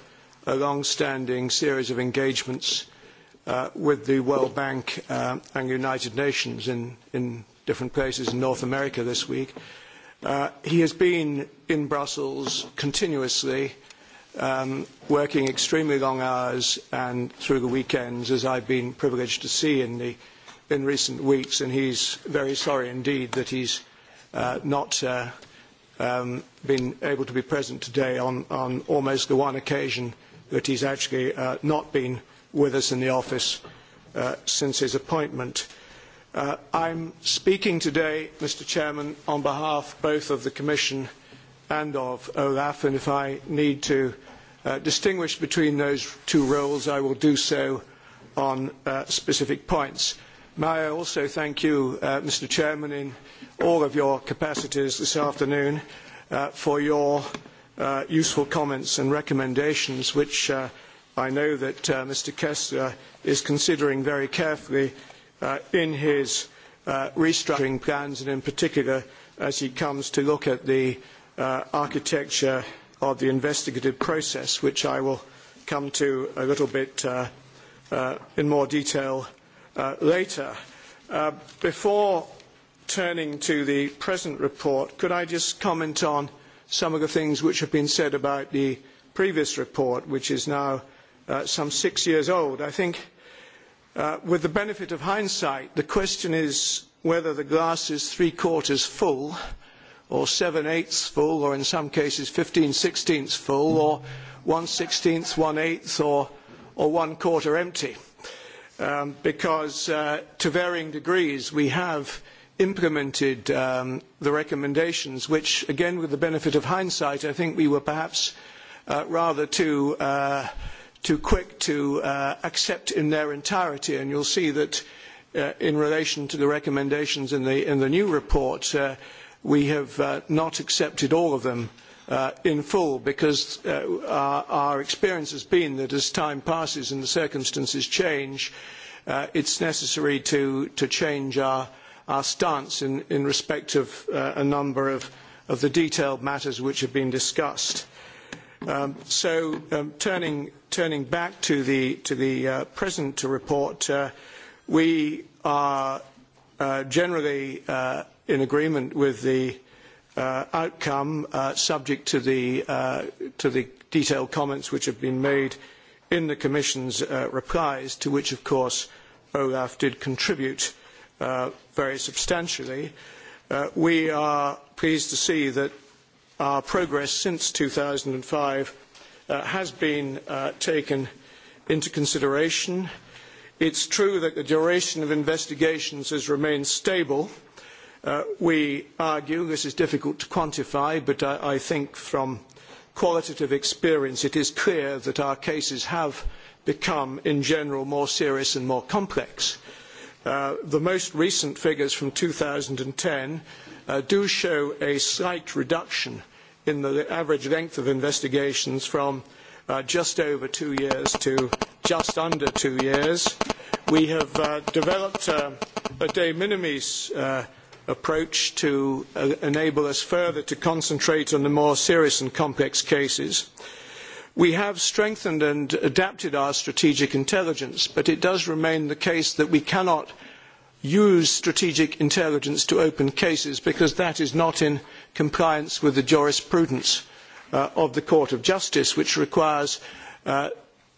a long-standing series of engagements uh, with the World Bank uh, and United Nations in, in different places in North America this week. Uh, he has been in Brussels continuously, um, working extremely long hours and through the weekends, as I have been privileged to see in, the, in recent weeks, and he is very sorry indeed that he has uh, not uh, um, been able to be present today on, on almost the one occasion that he has actually uh, not been with us in the office uh, since his appointment. Uh, I am speaking today, Mr Chairman, on behalf both of the Commission and of OLAF, and if I need to uh, distinguish between those two roles, I will do so on uh, specific points. May I also thank you, uh, Mr Chairman, in all of your capacities this afternoon for your uh, useful comments and recommendations, which uh, I know that uh, Mr. Kessler is considering very carefully uh, in his uh, restructuring plans, and in particular as he comes to look at the uh, architecture of the investigative process, which I will come to a little bit in more detail later. before turning to the present report, could I just comment on some of the things which have been said about the previous report, which is now uh, some six years old. I think, uh, with the benefit of hindsight, the question is whether the glass is three quarters full, or seven eighths full, or in some cases fifteen sixteenths full, or one sixteenth, one eighth, or, or one quarter empty. Um, because uh, to varying degrees we have implemented um, the recommendations, which, again, with the benefit of hindsight, I think we were perhaps uh, rather too, uh, too quick to uh, accept in their entirety. And you'll see that uh, in relation to the recommendations in the, in the new report, uh, we have uh, not accepted all of them in full because our, our, experience has been that as time passes and the circumstances change, it is necessary to, to change our our stance in, in respect of uh, a number of, of, the detailed matters which have been discussed. Um, so um, turning, turning, back to the, to the uh, present report, uh, we are uh, generally uh, in agreement with the uh, outcome subject to the, to the, detailed comments which have been made in the Commission's replies, to which, of course, Olaf did contribute. Uh, very substantially. Uh, we are pleased to see that our progress since two thousand and five uh, has been uh, taken into consideration. It is true that the duration of investigations has remained stable. we argue this is difficult to quantify, but I, I think from qualitative experience, it is clear that our cases have become, in general, more serious and more complex. Uh, Uh, the most recent figures from 2010 uh, do show a slight reduction in the average length of investigations from uh, just over two years to just under two years. We have uh, developed uh, a de minimis uh, approach to uh, enable us further to concentrate on the more serious and complex cases. Uh, We have strengthened and adapted our strategic intelligence, but it does remain the case that we cannot use strategic intelligence to open cases because that is not in compliance with the jurisprudence uh, of the Court of Justice, which requires uh,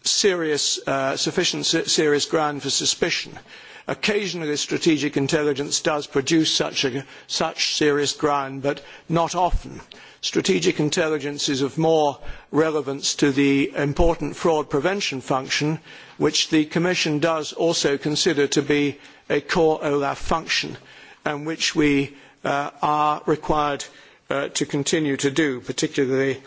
serious, uh, sufficient serious ground for suspicion. Occasionally, strategic intelligence does produce such, a, such serious ground, but not often strategic intelligence is of more relevance to the important fraud prevention function, which the Commission does also consider to be a core OLAF function, and which we uh, are required uh, to continue to do, particularly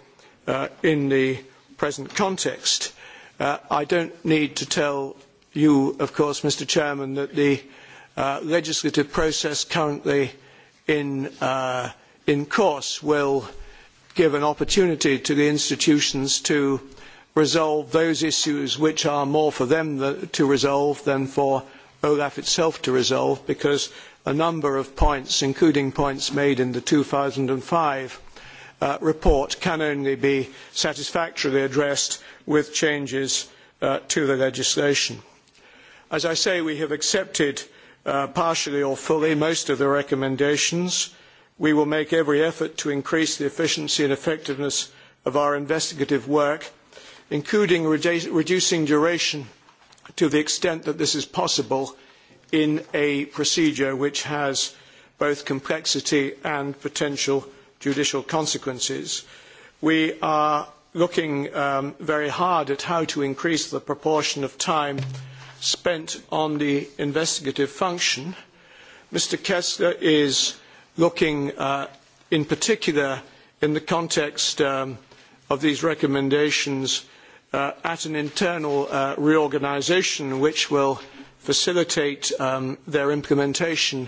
uh, in the present context. Uh, I do not need to tell you, of course, Mr Chairman, that the uh, legislative process currently in, uh, in, course will give an opportunity to the institutions to resolve those issues which are more for them to resolve than for Olaf itself to resolve, because a number of points, including points made in the two thousand five Uh, report can only be satisfactorily addressed with changes uh, to the legislation. As I say, we have accepted uh, partially or fully most of the recommendations. We will make every effort to increase the efficiency and effectiveness of our investigative work, including redu reducing duration to the extent that this is possible in a procedure which has both complexity and potential judicial consequences. We are looking um, very hard at how to increase the proportion of time spent on the investigative function. Mr Kessler is looking uh, in particular in the context um, of these recommendations uh, at an internal uh, reorganisation which will facilitate um, their implementation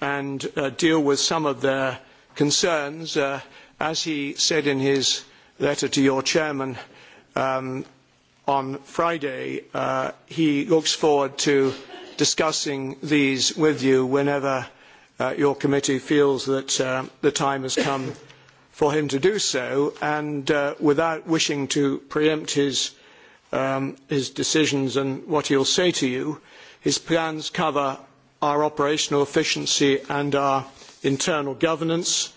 and uh, deal with some of their concerns. Uh, as he said in his letter to your chairman, um, on Friday, uh, he looks forward to discussing these with you whenever uh, your committee feels that uh, the time has come for him to do so. And uh, without wishing to preempt his, um, his decisions and what he will say to you, his plans cover our operational efficiency and our internal governance,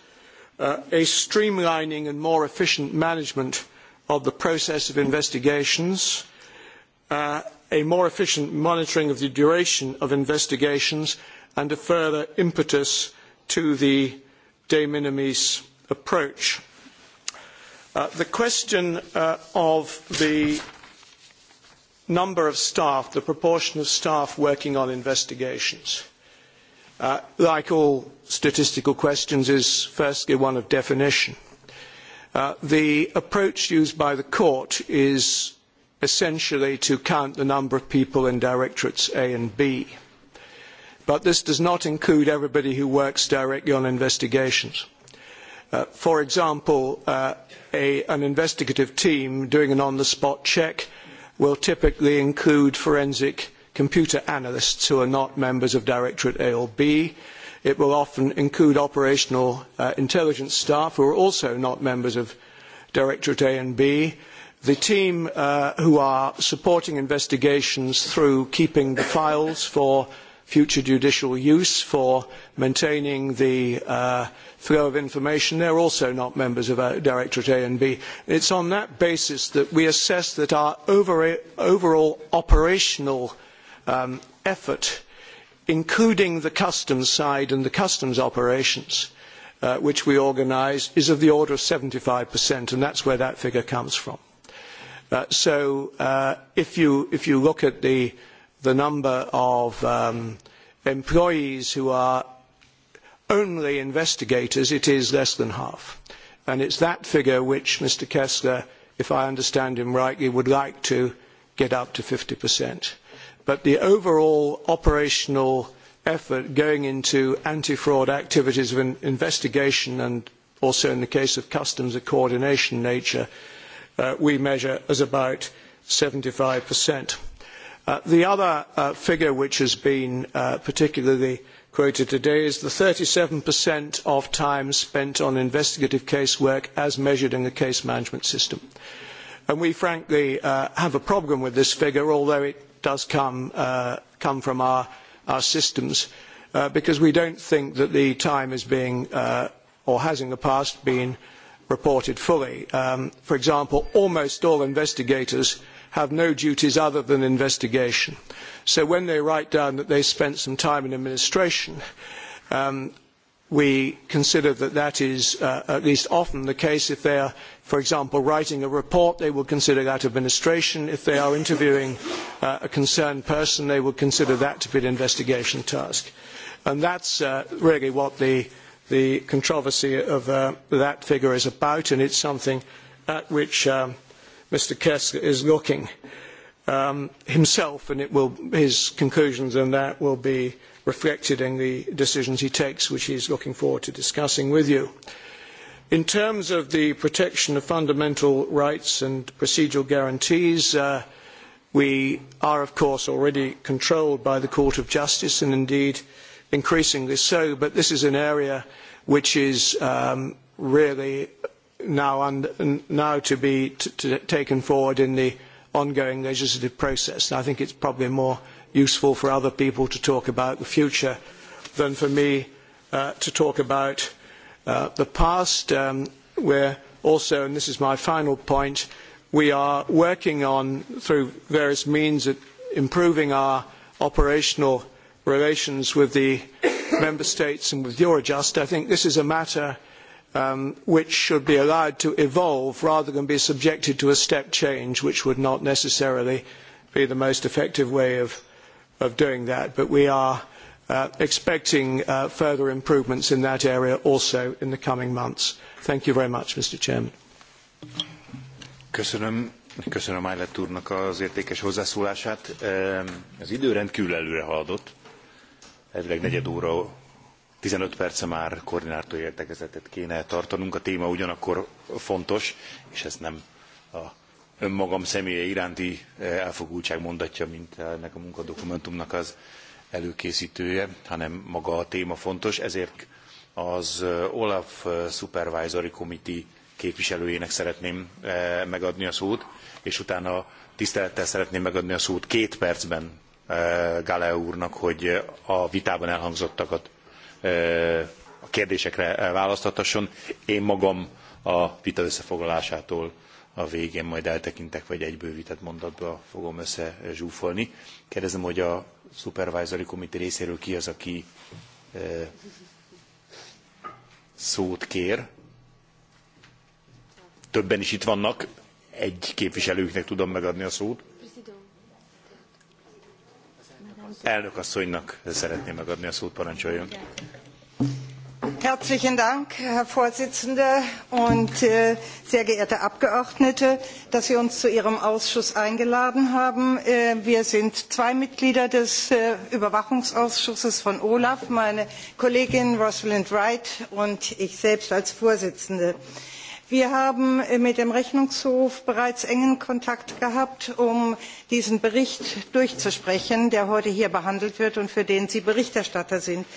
uh, a streamlining and more efficient management of the process of investigations, uh, a more efficient monitoring of the duration of investigations, and a further impetus to the de minimis approach. Uh, the question uh, of the number of staff, the proportion of staff working on investigations, uh, like all statistical questions, is firstly one of definition. Uh, the approach used by the court is essentially to count the number of people in directorates A and B. But this does not include everybody who works directly on investigations. Uh, for example, uh, a, an investigative team doing an on-the-spot check will typically include forensic computer analysts who are not members of Directorate A or B, It will often include operational uh, intelligence staff who are also not members of Directorate A and B, the team uh, who are supporting investigations through keeping the files for future judicial use, for maintaining the uh, flow of information. They are also not members of our uh, Directorate A and B. It is on that basis that we assess that our over overall operational um, effort including the customs side and the customs operations, uh, which we organise, is of the order of 75%, and that is where that figure comes from. Uh, so uh, if, you, if you look at the, the number of um, employees who are only investigators, it is less than half. And it is that figure which Mr. Kessler, if I understand him rightly, would like to get up to 50% but the overall operational effort going into anti-fraud activities of an investigation and also in the case of customs a coordination nature, uh, we measure as about 75%. Uh, the other uh, figure which has been uh, particularly quoted today is the 37% of time spent on investigative casework as measured in the case management system. And we frankly uh, have a problem with this figure, although it does come, uh, come from our, systems, uh, because we do not think that the time is being, uh, or has in the past been, reported fully. Um, for example, almost all investigators have no duties other than investigation. So when they write down that they spent some time in administration, um, we consider that that is uh, at least often the case. If they are, for example, writing a report, they will consider that administration. If they are interviewing uh, a concerned person, they will consider that to be an investigation task. And that's uh, really what the, the controversy of uh, that figure is about, and it's something at which um, Mr. Kessler is looking um, himself, and will, his conclusions on that will be reflected in the decisions he takes, which he is looking forward to discussing with you. In terms of the protection of fundamental rights and procedural guarantees, uh, we are, of course, already controlled by the Court of Justice, and indeed increasingly so, but this is an area which is um, really now, un, now to be t- t- taken forward in the ongoing legislative process. I think it's probably a more useful for other people to talk about the future than for me uh, to talk about uh, the past. Um, we're also, and this is my final point, we are working on, through various means, at improving our operational relations with the [coughs] member states and with Eurojust. I think this is a matter um, which should be allowed to evolve rather than be subjected to a step change, which would not necessarily be the most effective way of of doing that, but we are uh, expecting uh, further improvements in that area also in the coming months. Thank you very much, Mr. Chairman. Köszönöm. Köszönöm Eilert úrnak az értékes hozzászólását. Az idő rendkívül előre haladott. Elvileg negyed óra, 15 perce már koordinátor értekezetet kéne tartanunk. A téma ugyanakkor fontos, és ezt nem a önmagam személye iránti e, elfogultság mondatja, mint ennek a munkadokumentumnak az előkészítője, hanem maga a téma fontos. Ezért az e, Olaf Supervisory Committee képviselőjének szeretném e, megadni a szót, és utána tisztelettel szeretném megadni a szót két percben Gale úrnak, hogy a vitában elhangzottakat a kérdésekre választhatasson. Én magam a vita összefoglalásától a végén majd eltekintek, vagy egy bővített mondatba fogom zsúfolni. Kérdezem, hogy a Supervisory Committee részéről ki az, aki e, szót kér. Többen is itt vannak, egy képviselőknek tudom megadni a szót. Elnök asszonynak szeretném megadni a szót, parancsoljon. Herzlichen Dank, Herr Vorsitzender und äh, sehr geehrte Abgeordnete, dass Sie uns zu Ihrem Ausschuss eingeladen haben. Äh, wir sind zwei Mitglieder des äh, Überwachungsausschusses von Olaf, meine Kollegin Rosalind Wright und ich selbst als Vorsitzende. Wir haben äh, mit dem Rechnungshof bereits engen Kontakt gehabt, um diesen Bericht durchzusprechen, der heute hier behandelt wird und für den Sie Berichterstatter sind.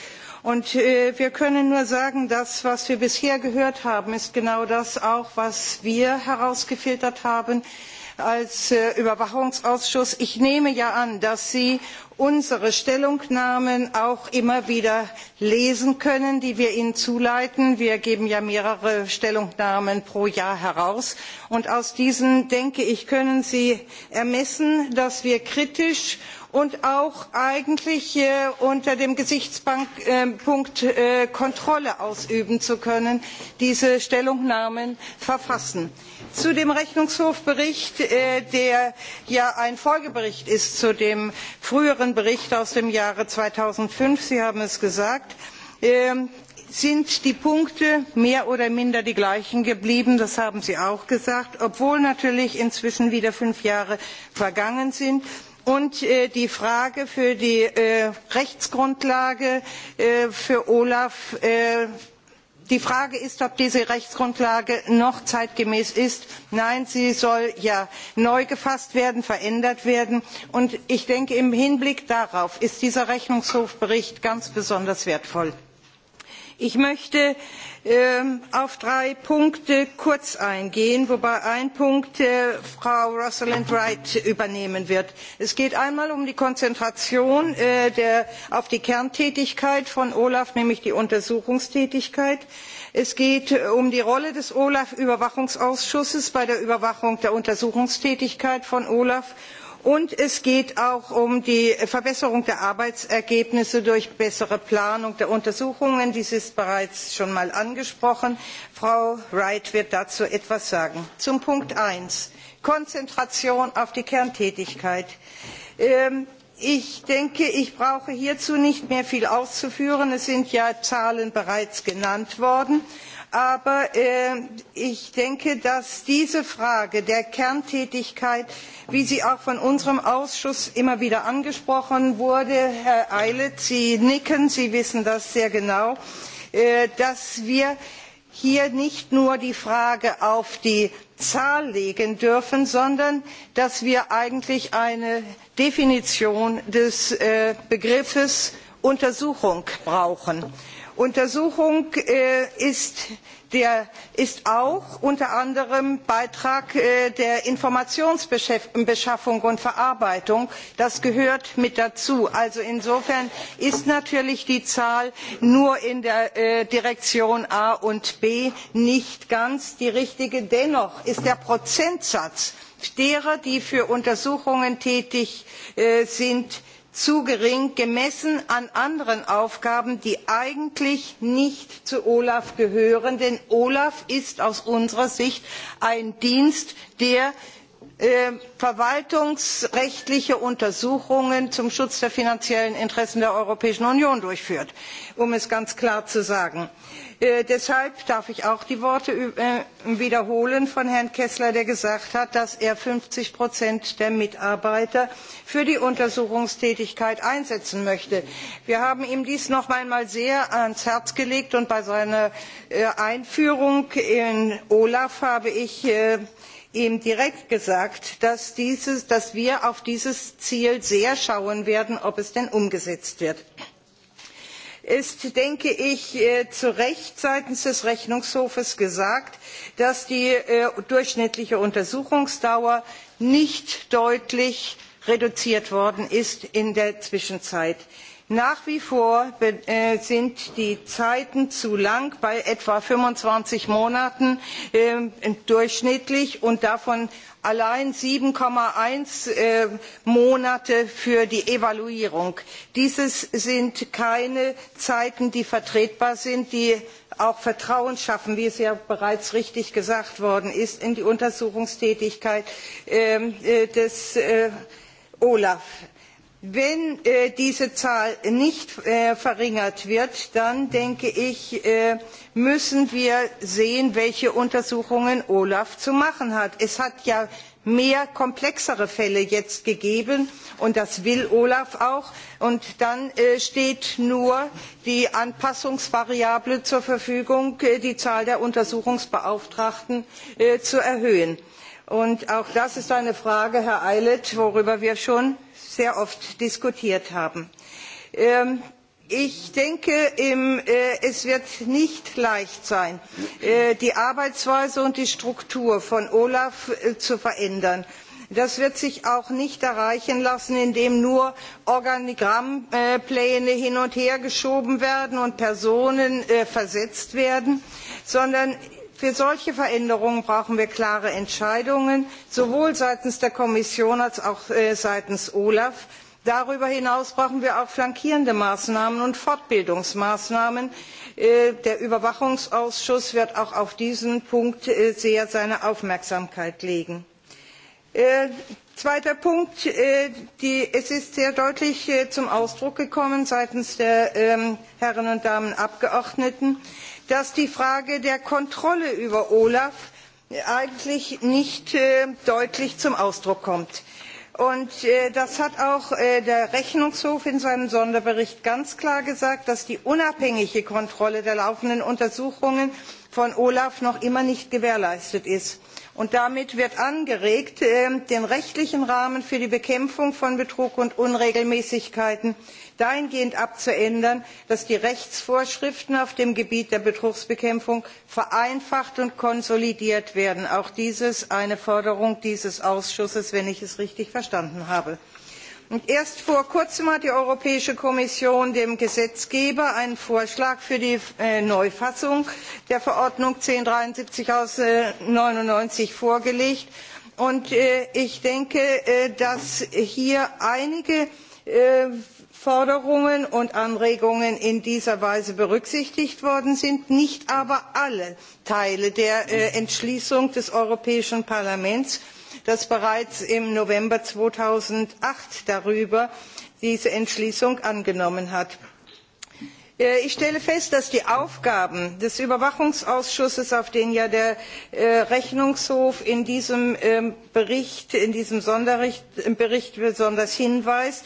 Und äh, wir können nur sagen, das, was wir bisher gehört haben, ist genau das auch, was wir herausgefiltert haben als äh, Überwachungsausschuss. Ich nehme ja an, dass Sie unsere Stellungnahmen auch immer wieder lesen können, die wir Ihnen zuleiten. Wir geben ja mehrere Stellungnahmen pro Jahr heraus. Und aus diesen, denke ich, können Sie ermessen, dass wir kritisch und auch eigentlich äh, unter dem gesichtspunkt äh, äh, kontrolle ausüben zu können diese stellungnahmen verfassen. zu dem rechnungshofbericht der ja ein folgebericht ist zu dem früheren bericht aus dem jahre zweitausendfünf sie haben es gesagt ähm, sind die punkte mehr oder minder die gleichen geblieben das haben sie auch gesagt obwohl natürlich inzwischen wieder fünf jahre vergangen sind und äh, die frage für die äh, rechtsgrundlage äh, für olaf die frage ist ob diese rechtsgrundlage noch zeitgemäß ist. nein sie soll ja neu gefasst werden verändert werden und ich denke im hinblick darauf ist dieser rechnungshofbericht ganz besonders wertvoll. ich möchte Ähm, auf drei Punkte kurz eingehen, wobei ein Punkt Frau äh, Frau Rosalind Wright übernehmen wird. Es geht einmal um die Konzentration äh, auf die Kerntätigkeit von Olaf, nämlich die Untersuchungstätigkeit. Es geht äh, um die Rolle des Olaf-Überwachungsausschusses bei der Überwachung der Untersuchungstätigkeit von Olaf und es geht auch um die verbesserung der arbeitsergebnisse durch bessere planung der untersuchungen dies ist bereits schon einmal angesprochen frau wright wird dazu etwas sagen. zu punkt eins konzentration auf die kerntätigkeit ähm, ich denke ich brauche hierzu nicht mehr viel auszuführen es sind ja zahlen bereits genannt worden aber äh, ich denke dass diese frage der kerntätigkeit wie sie auch von unserem ausschuss immer wieder angesprochen wurde herr eilert sie nicken sie wissen das sehr genau äh, dass wir hier nicht nur die frage auf die zahl legen dürfen sondern dass wir eigentlich eine definition des äh, begriffes untersuchung brauchen. untersuchung äh, ist der ist auch unter anderem beitrag äh, der informationsbeschaffung und verarbeitung das gehört mit dazu. also insofern ist natürlich die zahl nur in der äh, direktion a und b nicht ganz die richtige. dennoch ist der prozentsatz derer die für untersuchungen tätig äh, sind zu gering gemessen an anderen aufgaben die eigentlich nicht zu olaf gehören denn olaf ist aus unserer sicht ein dienst der äh, verwaltungsrechtliche untersuchungen zum schutz der finanziellen interessen der europäischen union durchführt um es ganz klar zu sagen. Äh, deshalb darf ich auch die worte äh, wiederholen von herrn kessler der gesagt hat dass er fünfzig der mitarbeiter für die untersuchungstätigkeit einsetzen möchte. wir haben ihm dies noch einmal sehr ans herz gelegt und bei seiner äh, einführung in olaf habe ich ihm direkt gesagt dass, dass wir auf dieses ziel sehr schauen werden ob es denn umgesetzt wird ist denke ich äh, zu recht seitens des rechnungshofs gesagt dass die äh, durchschnittliche untersuchungsdauer nicht deutlich reduziert worden ist in der zwischenzeit. nach wie vor äh, sind die zeiten zu lang bei etwa fünfundzwanzig monaten ähm, durchschnittlich und davon allein sieben eins äh, monate für die evaluierung. dies sind keine zeiten die vertretbar sind die auch vertrauen schaffen wie es ja bereits richtig gesagt worden ist in die untersuchungstätigkeit ähm, äh, des äh, olaf wenn äh, diese zahl nicht äh, verringert wird dann denke ich äh, müssen wir sehen welche untersuchungen olaf zu machen hat. es hat ja mehr komplexere fälle jetzt gegeben und das will olaf auch und dann steht nur die anpassungsvariable zur verfügung die zahl der untersuchungsbeauftragten zu erhöhen. Und auch das ist eine frage herr eilert worüber wir schon sehr oft diskutiert haben. Ähm, ich denke äh, es wird nicht leicht sein äh, die arbeitsweise und die struktur von olaf äh, zu verändern. das wird sich auch nicht erreichen lassen indem nur organigrammpläne hin und her geschoben werden und personen versetzt werden sondern für solche veränderungen brauchen wir klare entscheidungen sowohl seitens der kommission als auch äh, seitens olaf. darüber hinaus brauchen wir auch flankierende maßnahmen und fortbildungsmaßnahmen. Äh, der überwachungsausschuss wird auch auf diesen punkt äh, sehr seine aufmerksamkeit legen. zweiter punkt es ist sehr deutlich zum ausdruck gekommen seitens der ähm, herren und damen abgeordneten dass die frage der kontrolle über olaf eigentlich nicht äh, deutlich zum ausdruck kommt. Äh, das hat auch äh, der rechnungshof in seinem sonderbericht ganz klar gesagt dass die unabhängige kontrolle der laufenden untersuchungen von olaf noch immer nicht gewährleistet ist. damit wird angeregt den rechtlichen rahmen für die bekämpfung von betrug und unregelmäßigkeiten dahingehend abzuändern dass die rechtsvorschriften auf dem gebiet der betrugsbekämpfung vereinfacht und konsolidiert werden auch dies ist eine forderung dieses ausschusses wenn ich es richtig verstanden habe. erst vor kurzem hat die europäische kommission dem gesetzgeber einen vorschlag für die äh, neufassung der verordnung eintausendzweihundertdreiundsiebzig äh, neunundneunzig vorgelegt und äh, ich denke dass hier einige forderungen und anregungen in dieser weise berücksichtigt worden sind nicht aber alle teile der äh, entschließung des europäischen parlaments das bereits im november zweitausendacht darüber diese entschließung angenommen hat. Äh, ich stelle fest dass die aufgaben des überwachungsausschusses auf den ja der äh, rechnungshof in diesem, ähm, bericht, in diesem sonderbericht besonders hinweist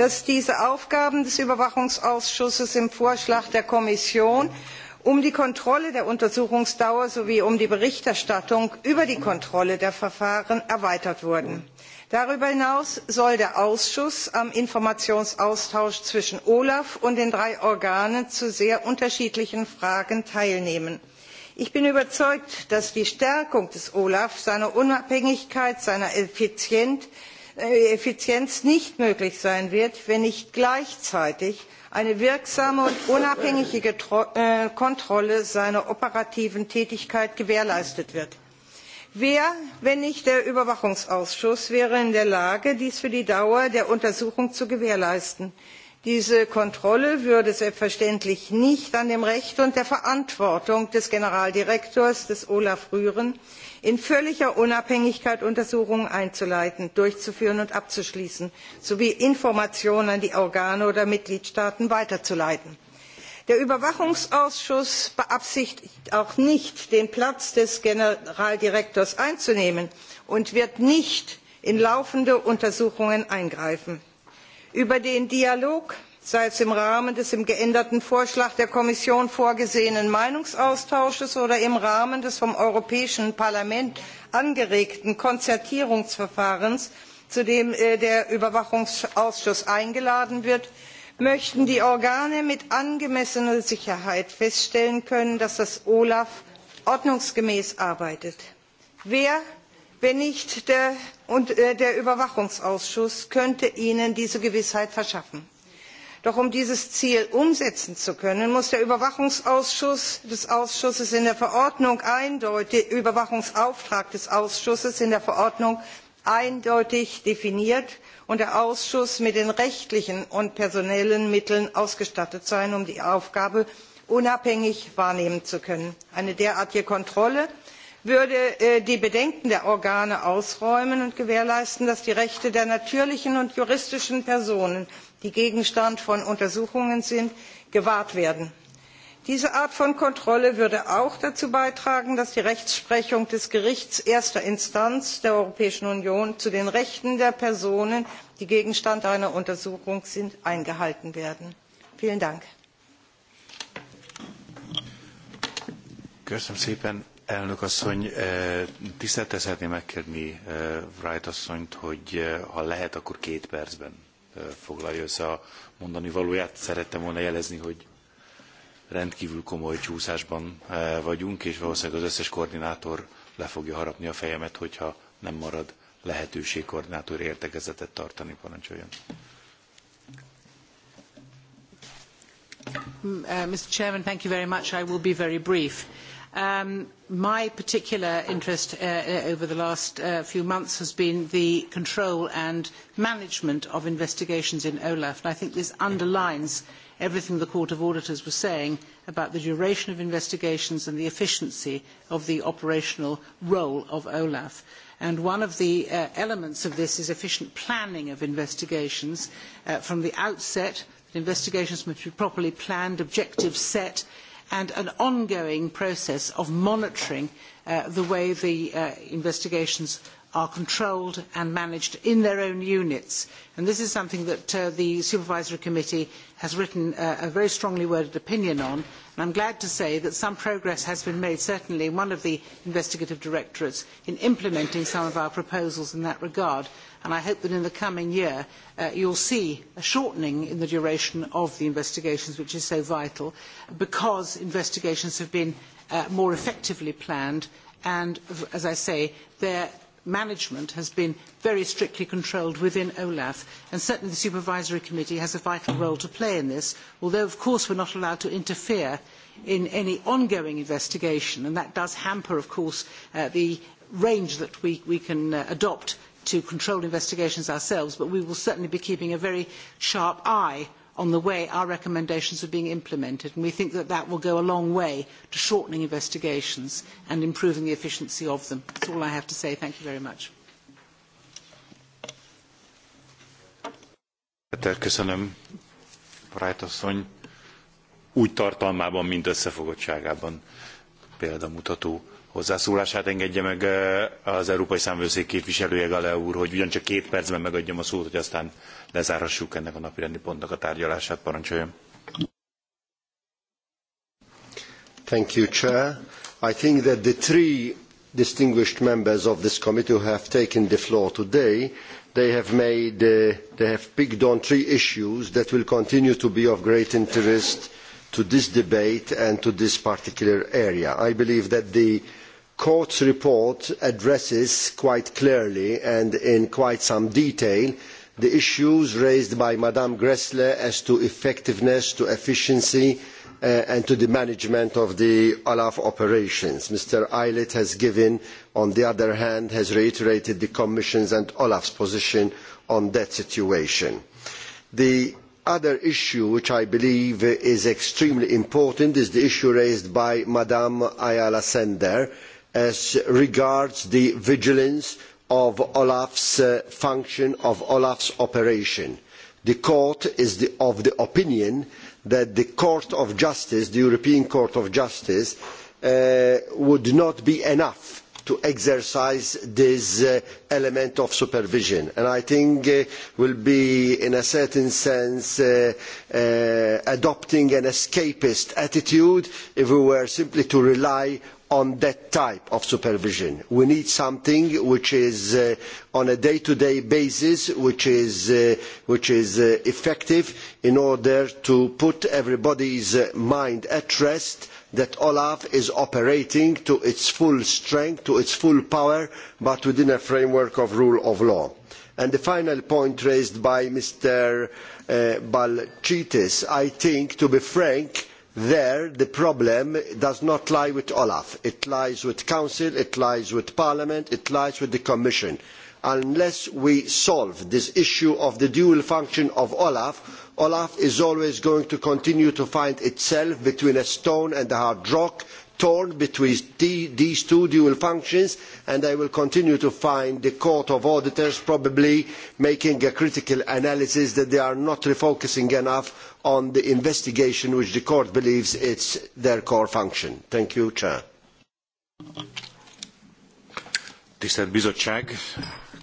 dass diese aufgaben des überwachungsausschusses im vorschlag der kommission um die kontrolle der untersuchungsdauer sowie um die berichterstattung über die kontrolle der verfahren erweitert wurden. darüber hinaus soll der ausschuss am informationsaustausch zwischen olaf und den drei organen zu sehr unterschiedlichen fragen teilnehmen. ich bin überzeugt dass die stärkung des olaf seiner unabhängigkeit seiner effizienz Äh, effizienz nicht möglich sein wird wenn nicht gleichzeitig eine wirksame und unabhängige äh, kontrolle seiner operativen tätigkeit gewährleistet wird. wer wenn nicht der überwachungsausschuss wäre in der lage dies für die dauer der untersuchung zu gewährleisten? diese kontrolle würde selbstverständlich nicht an dem recht und der verantwortung des generaldirektors des olaf rühren in völliger unabhängigkeit untersuchungen einzuleiten durchzuführen und abzuschließen sowie informationen an die organe oder mitgliedstaaten weiterzuleiten. der überwachungsausschuss beabsichtigt auch nicht den platz des generaldirektors einzunehmen und wird nicht in laufende untersuchungen eingreifen. über den dialog sei es im rahmen des im geänderten vorschlag der kommission vorgesehenen meinungsaustausches oder im rahmen des vom europäischen parlament angeregten konzertierungsverfahrens zu dem äh, der überwachungsausschuss eingeladen wird möchten die organe mit angemessener sicherheit feststellen können dass das olaf ordnungsgemäß arbeitet. wer wenn nicht der, äh, der überwachungsausschuss könnte ihnen diese gewissheit verschaffen? doch um dieses ziel umsetzen zu können muss der überwachungsausschuss des ausschusses in der verordnung eindeutig überwachungsauftrag des ausschusses in der verordnung eindeutig definiert und der ausschuss mit den rechtlichen und personellen mitteln ausgestattet sein um die aufgabe unabhängig wahrnehmen zu können. eine derartige kontrolle würde äh, die bedenken der organe ausräumen und gewährleisten dass die rechte der natürlichen und juristischen personen die gegenstand von untersuchungen sind gewahrt werden. diese art von kontrolle würde auch dazu beitragen dass die rechtsprechung des gerichts erster instanz der europäischen union zu den rechten der personen die gegenstand einer untersuchung sind eingehalten werden. vielen dank! foglalja össze a mondani valóját. Szerettem volna jelezni, hogy rendkívül komoly csúszásban e, vagyunk, és valószínűleg az összes koordinátor le fogja harapni a fejemet, hogyha nem marad lehetőség koordinátor értekezetet tartani. Parancsoljon! Mm, uh, Mr. Chairman, thank you very much. I will be very brief. Um, my particular interest uh, uh, over the last uh, few months has been the control and management of investigations in olaf and i think this underlines everything the court of auditors was saying about the duration of investigations and the efficiency of the operational role of olaf and one of the uh, elements of this is efficient planning of investigations uh, from the outset that investigations must be properly planned objectives set and and an ongoing process of monitoring uh, the way the uh, investigations are controlled and managed in their own units. And this is something that uh, the Supervisory Committee has written uh, a very strongly worded opinion on. I am glad to say that some progress has been made, certainly in one of the investigative directorates, in implementing some of our proposals in that regard and I hope that in the coming year uh, you will see a shortening in the duration of the investigations, which is so vital, because investigations have been uh, more effectively planned and, as I say, their management has been very strictly controlled within OLAF, and certainly the Supervisory Committee has a vital role to play in this, although, of course, we are not allowed to interfere in any ongoing investigation, and that does hamper, of course, uh, the range that we, we can uh, adopt to control investigations ourselves, but we will certainly be keeping a very sharp eye on the way our recommendations are being implemented, and we think that that will go a long way to shortening investigations and improving the efficiency of them. That is all I have to say. Thank you very much. Köszönöm, Wright úgy tartalmában, összefogottságában példamutató hozzászólását engedje meg az Európai Számvőszék képviselője Gale úr, hogy ugyancsak két percben megadjam a szót, hogy aztán lezárhassuk ennek a napirendi pontnak a tárgyalását. Parancsoljon! Thank you, Chair. I think that the three distinguished members of this committee who have taken the floor today, they have, made, uh, they have picked on three issues that will continue to be of great interest uh, to this debate and to this particular area. I believe that the court's report addresses quite clearly and in quite some detail the issues raised by ms grle as to effectiveness to efficiency uh, and to the management of the olaf operations. mr eilert has given on the other hand has reiterated the commission's and olaf's position on that situation. the other issue which i believe is extremely important is the issue raised by ms ayala sender as regards the vigilance of olaf's uh, function of olaf's operation. the court is of the opinion that the court of justice the european court of justice uh, would not be enough to exercise this uh, element of supervision and i think uh, will be in a certain sense uh, uh, adopting an escapist attitude if we were simply to rely on that type of supervision. we need something which is on a day to day basis which is effective in order to put everybody's mind at rest that olaf is operating to its full strength to its full power but within a framework of the rule of law. And the final point raised by mr uh, balytis i think to be frank there the problem does not lie with olaf it lies with the council it lies with parliament it lies with the commission. unless we solve this issue of the dual function of olaf olaf is always going to continue to find itself between a stone and a hard rock torn between these two dual functions and i will continue to find the court of auditors probably making a critical analysis that they are not refocusing enough on the investigation which the court believes is their core function. thank you chair. tisztelt bizottság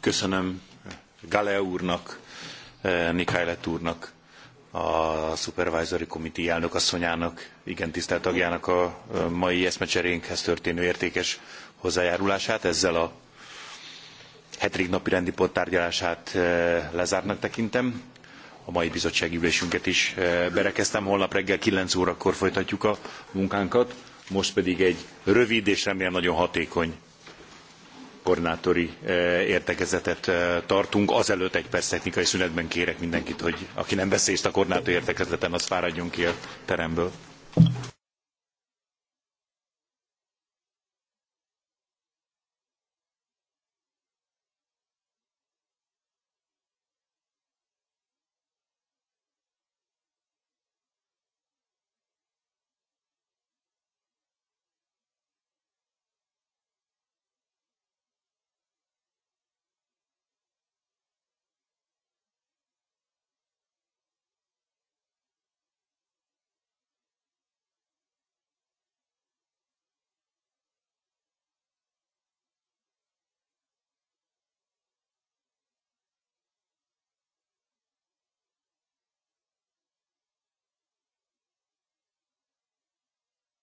köszönöm úrnak eh, úrnak a Supervisory Committee elnökasszonyának, igen tisztelt tagjának a mai eszmecserénkhez történő értékes hozzájárulását. Ezzel a hetedik napi rendi pont tárgyalását lezártnak tekintem. A mai bizottsági ülésünket is berekeztem. Holnap reggel 9 órakor folytatjuk a munkánkat. Most pedig egy rövid és remélem nagyon hatékony koordinátori eh, értekezetet eh, tartunk. Azelőtt egy perc technikai szünetben kérek mindenkit, hogy aki nem veszélyt a koordinátori értekezleten, az fáradjon ki a teremből.